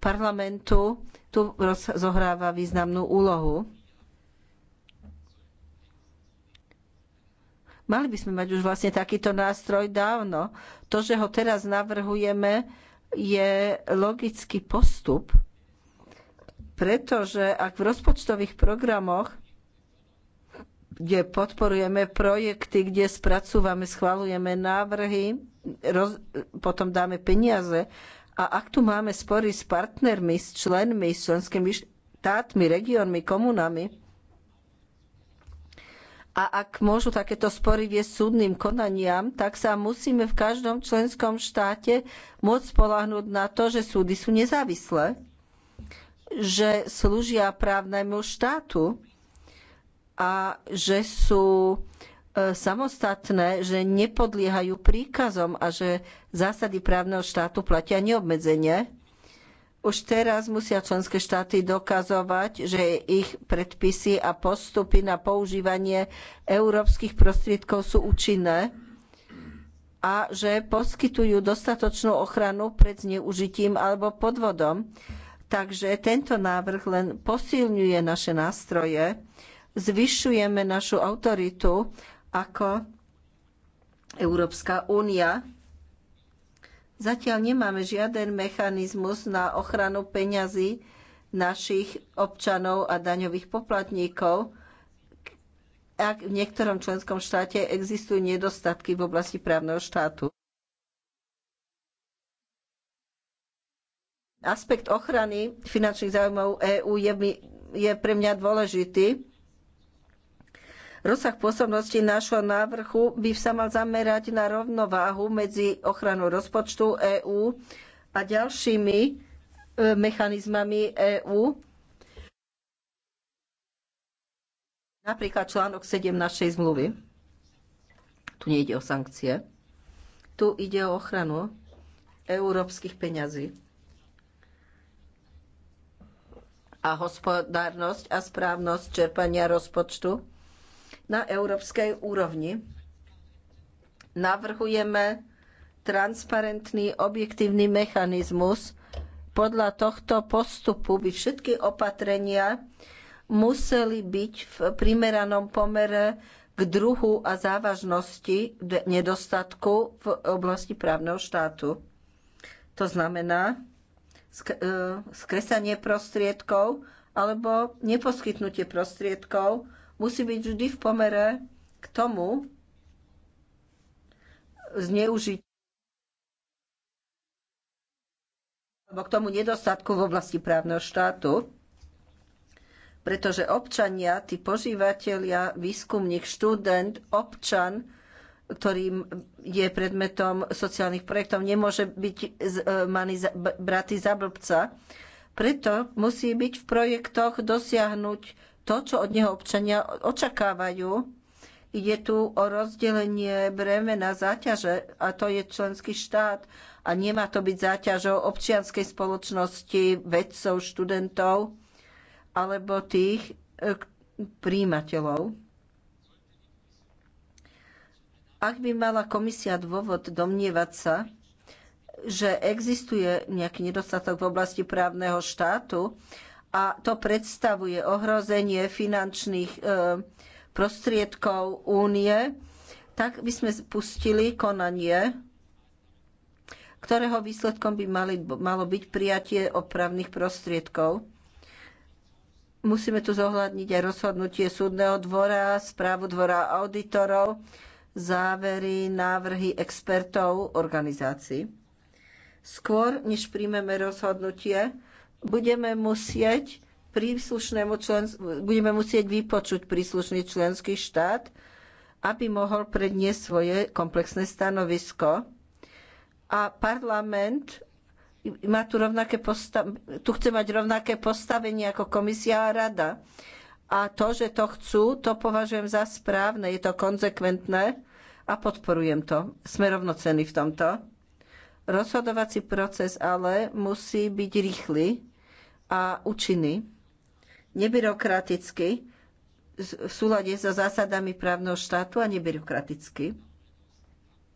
parlamentu tu zohráva významnú úlohu. Mali by sme mať už vlastne takýto nástroj dávno. To, že ho teraz navrhujeme, je logický postup, pretože ak v rozpočtových programoch, kde podporujeme projekty, kde spracúvame, schvalujeme návrhy, roz, potom dáme peniaze. A ak tu máme spory s partnermi, s členmi, s členskými štátmi, regiónmi, komunami, a ak môžu takéto spory viesť súdnym konaniam, tak sa musíme v každom členskom štáte môcť spolahnúť na to, že súdy sú nezávislé, že slúžia právnemu štátu a že sú E, samostatné, že nepodliehajú príkazom a že zásady právneho štátu platia neobmedzenie. Už teraz musia členské štáty dokazovať, že ich predpisy a postupy na používanie európskych prostriedkov sú účinné a že poskytujú dostatočnú ochranu pred zneužitím alebo podvodom. Takže tento návrh len posilňuje naše nástroje, zvyšujeme našu autoritu ako Európska únia. Zatiaľ nemáme žiaden mechanizmus na ochranu peňazí našich občanov a daňových poplatníkov, ak v niektorom členskom štáte existujú nedostatky v oblasti právneho štátu. Aspekt ochrany finančných záujmov EÚ je, je pre mňa dôležitý Rozsah pôsobnosti nášho návrhu by sa mal zamerať na rovnováhu medzi ochranou rozpočtu EÚ a ďalšími e, mechanizmami EÚ, napríklad článok 7 našej zmluvy. Tu nejde o sankcie. Tu ide o ochranu európskych peňazí a hospodárnosť a správnosť čerpania rozpočtu na európskej úrovni. Navrhujeme transparentný, objektívny mechanizmus. Podľa tohto postupu by všetky opatrenia museli byť v primeranom pomere k druhu a závažnosti nedostatku v oblasti právneho štátu. To znamená e, skresanie prostriedkov alebo neposkytnutie prostriedkov musí byť vždy v pomere k tomu zneužiť alebo k tomu nedostatku v oblasti právneho štátu, pretože občania, tí požívateľia, výskumník, študent, občan, ktorý je predmetom sociálnych projektov, nemôže byť e, maný bratý za blbca. Preto musí byť v projektoch dosiahnuť to, čo od neho občania očakávajú. Ide tu o rozdelenie bremena záťaže a to je členský štát a nemá to byť záťažou občianskej spoločnosti, vedcov, študentov alebo tých e, príjimateľov. Ak by mala komisia dôvod domnievať sa, že existuje nejaký nedostatok v oblasti právneho štátu, a to predstavuje ohrozenie finančných e, prostriedkov únie, tak by sme spustili konanie, ktorého výsledkom by mali, malo byť prijatie opravných prostriedkov. Musíme tu zohľadniť aj rozhodnutie súdneho dvora, správu dvora auditorov, závery, návrhy expertov organizácií. Skôr, než príjmeme rozhodnutie, budeme musieť príslušnému člens- budeme musieť vypočuť príslušný členský štát, aby mohol predniesť svoje komplexné stanovisko. A parlament má tu, rovnaké posta- tu chce mať rovnaké postavenie ako komisia a rada. A to, že to chcú, to považujem za správne, je to konzekventné a podporujem to. Sme rovnocení v tomto. Rozhodovací proces ale musí byť rýchly a účinný, nebyrokratický, v súlade so zásadami právneho štátu a nebyrokraticky.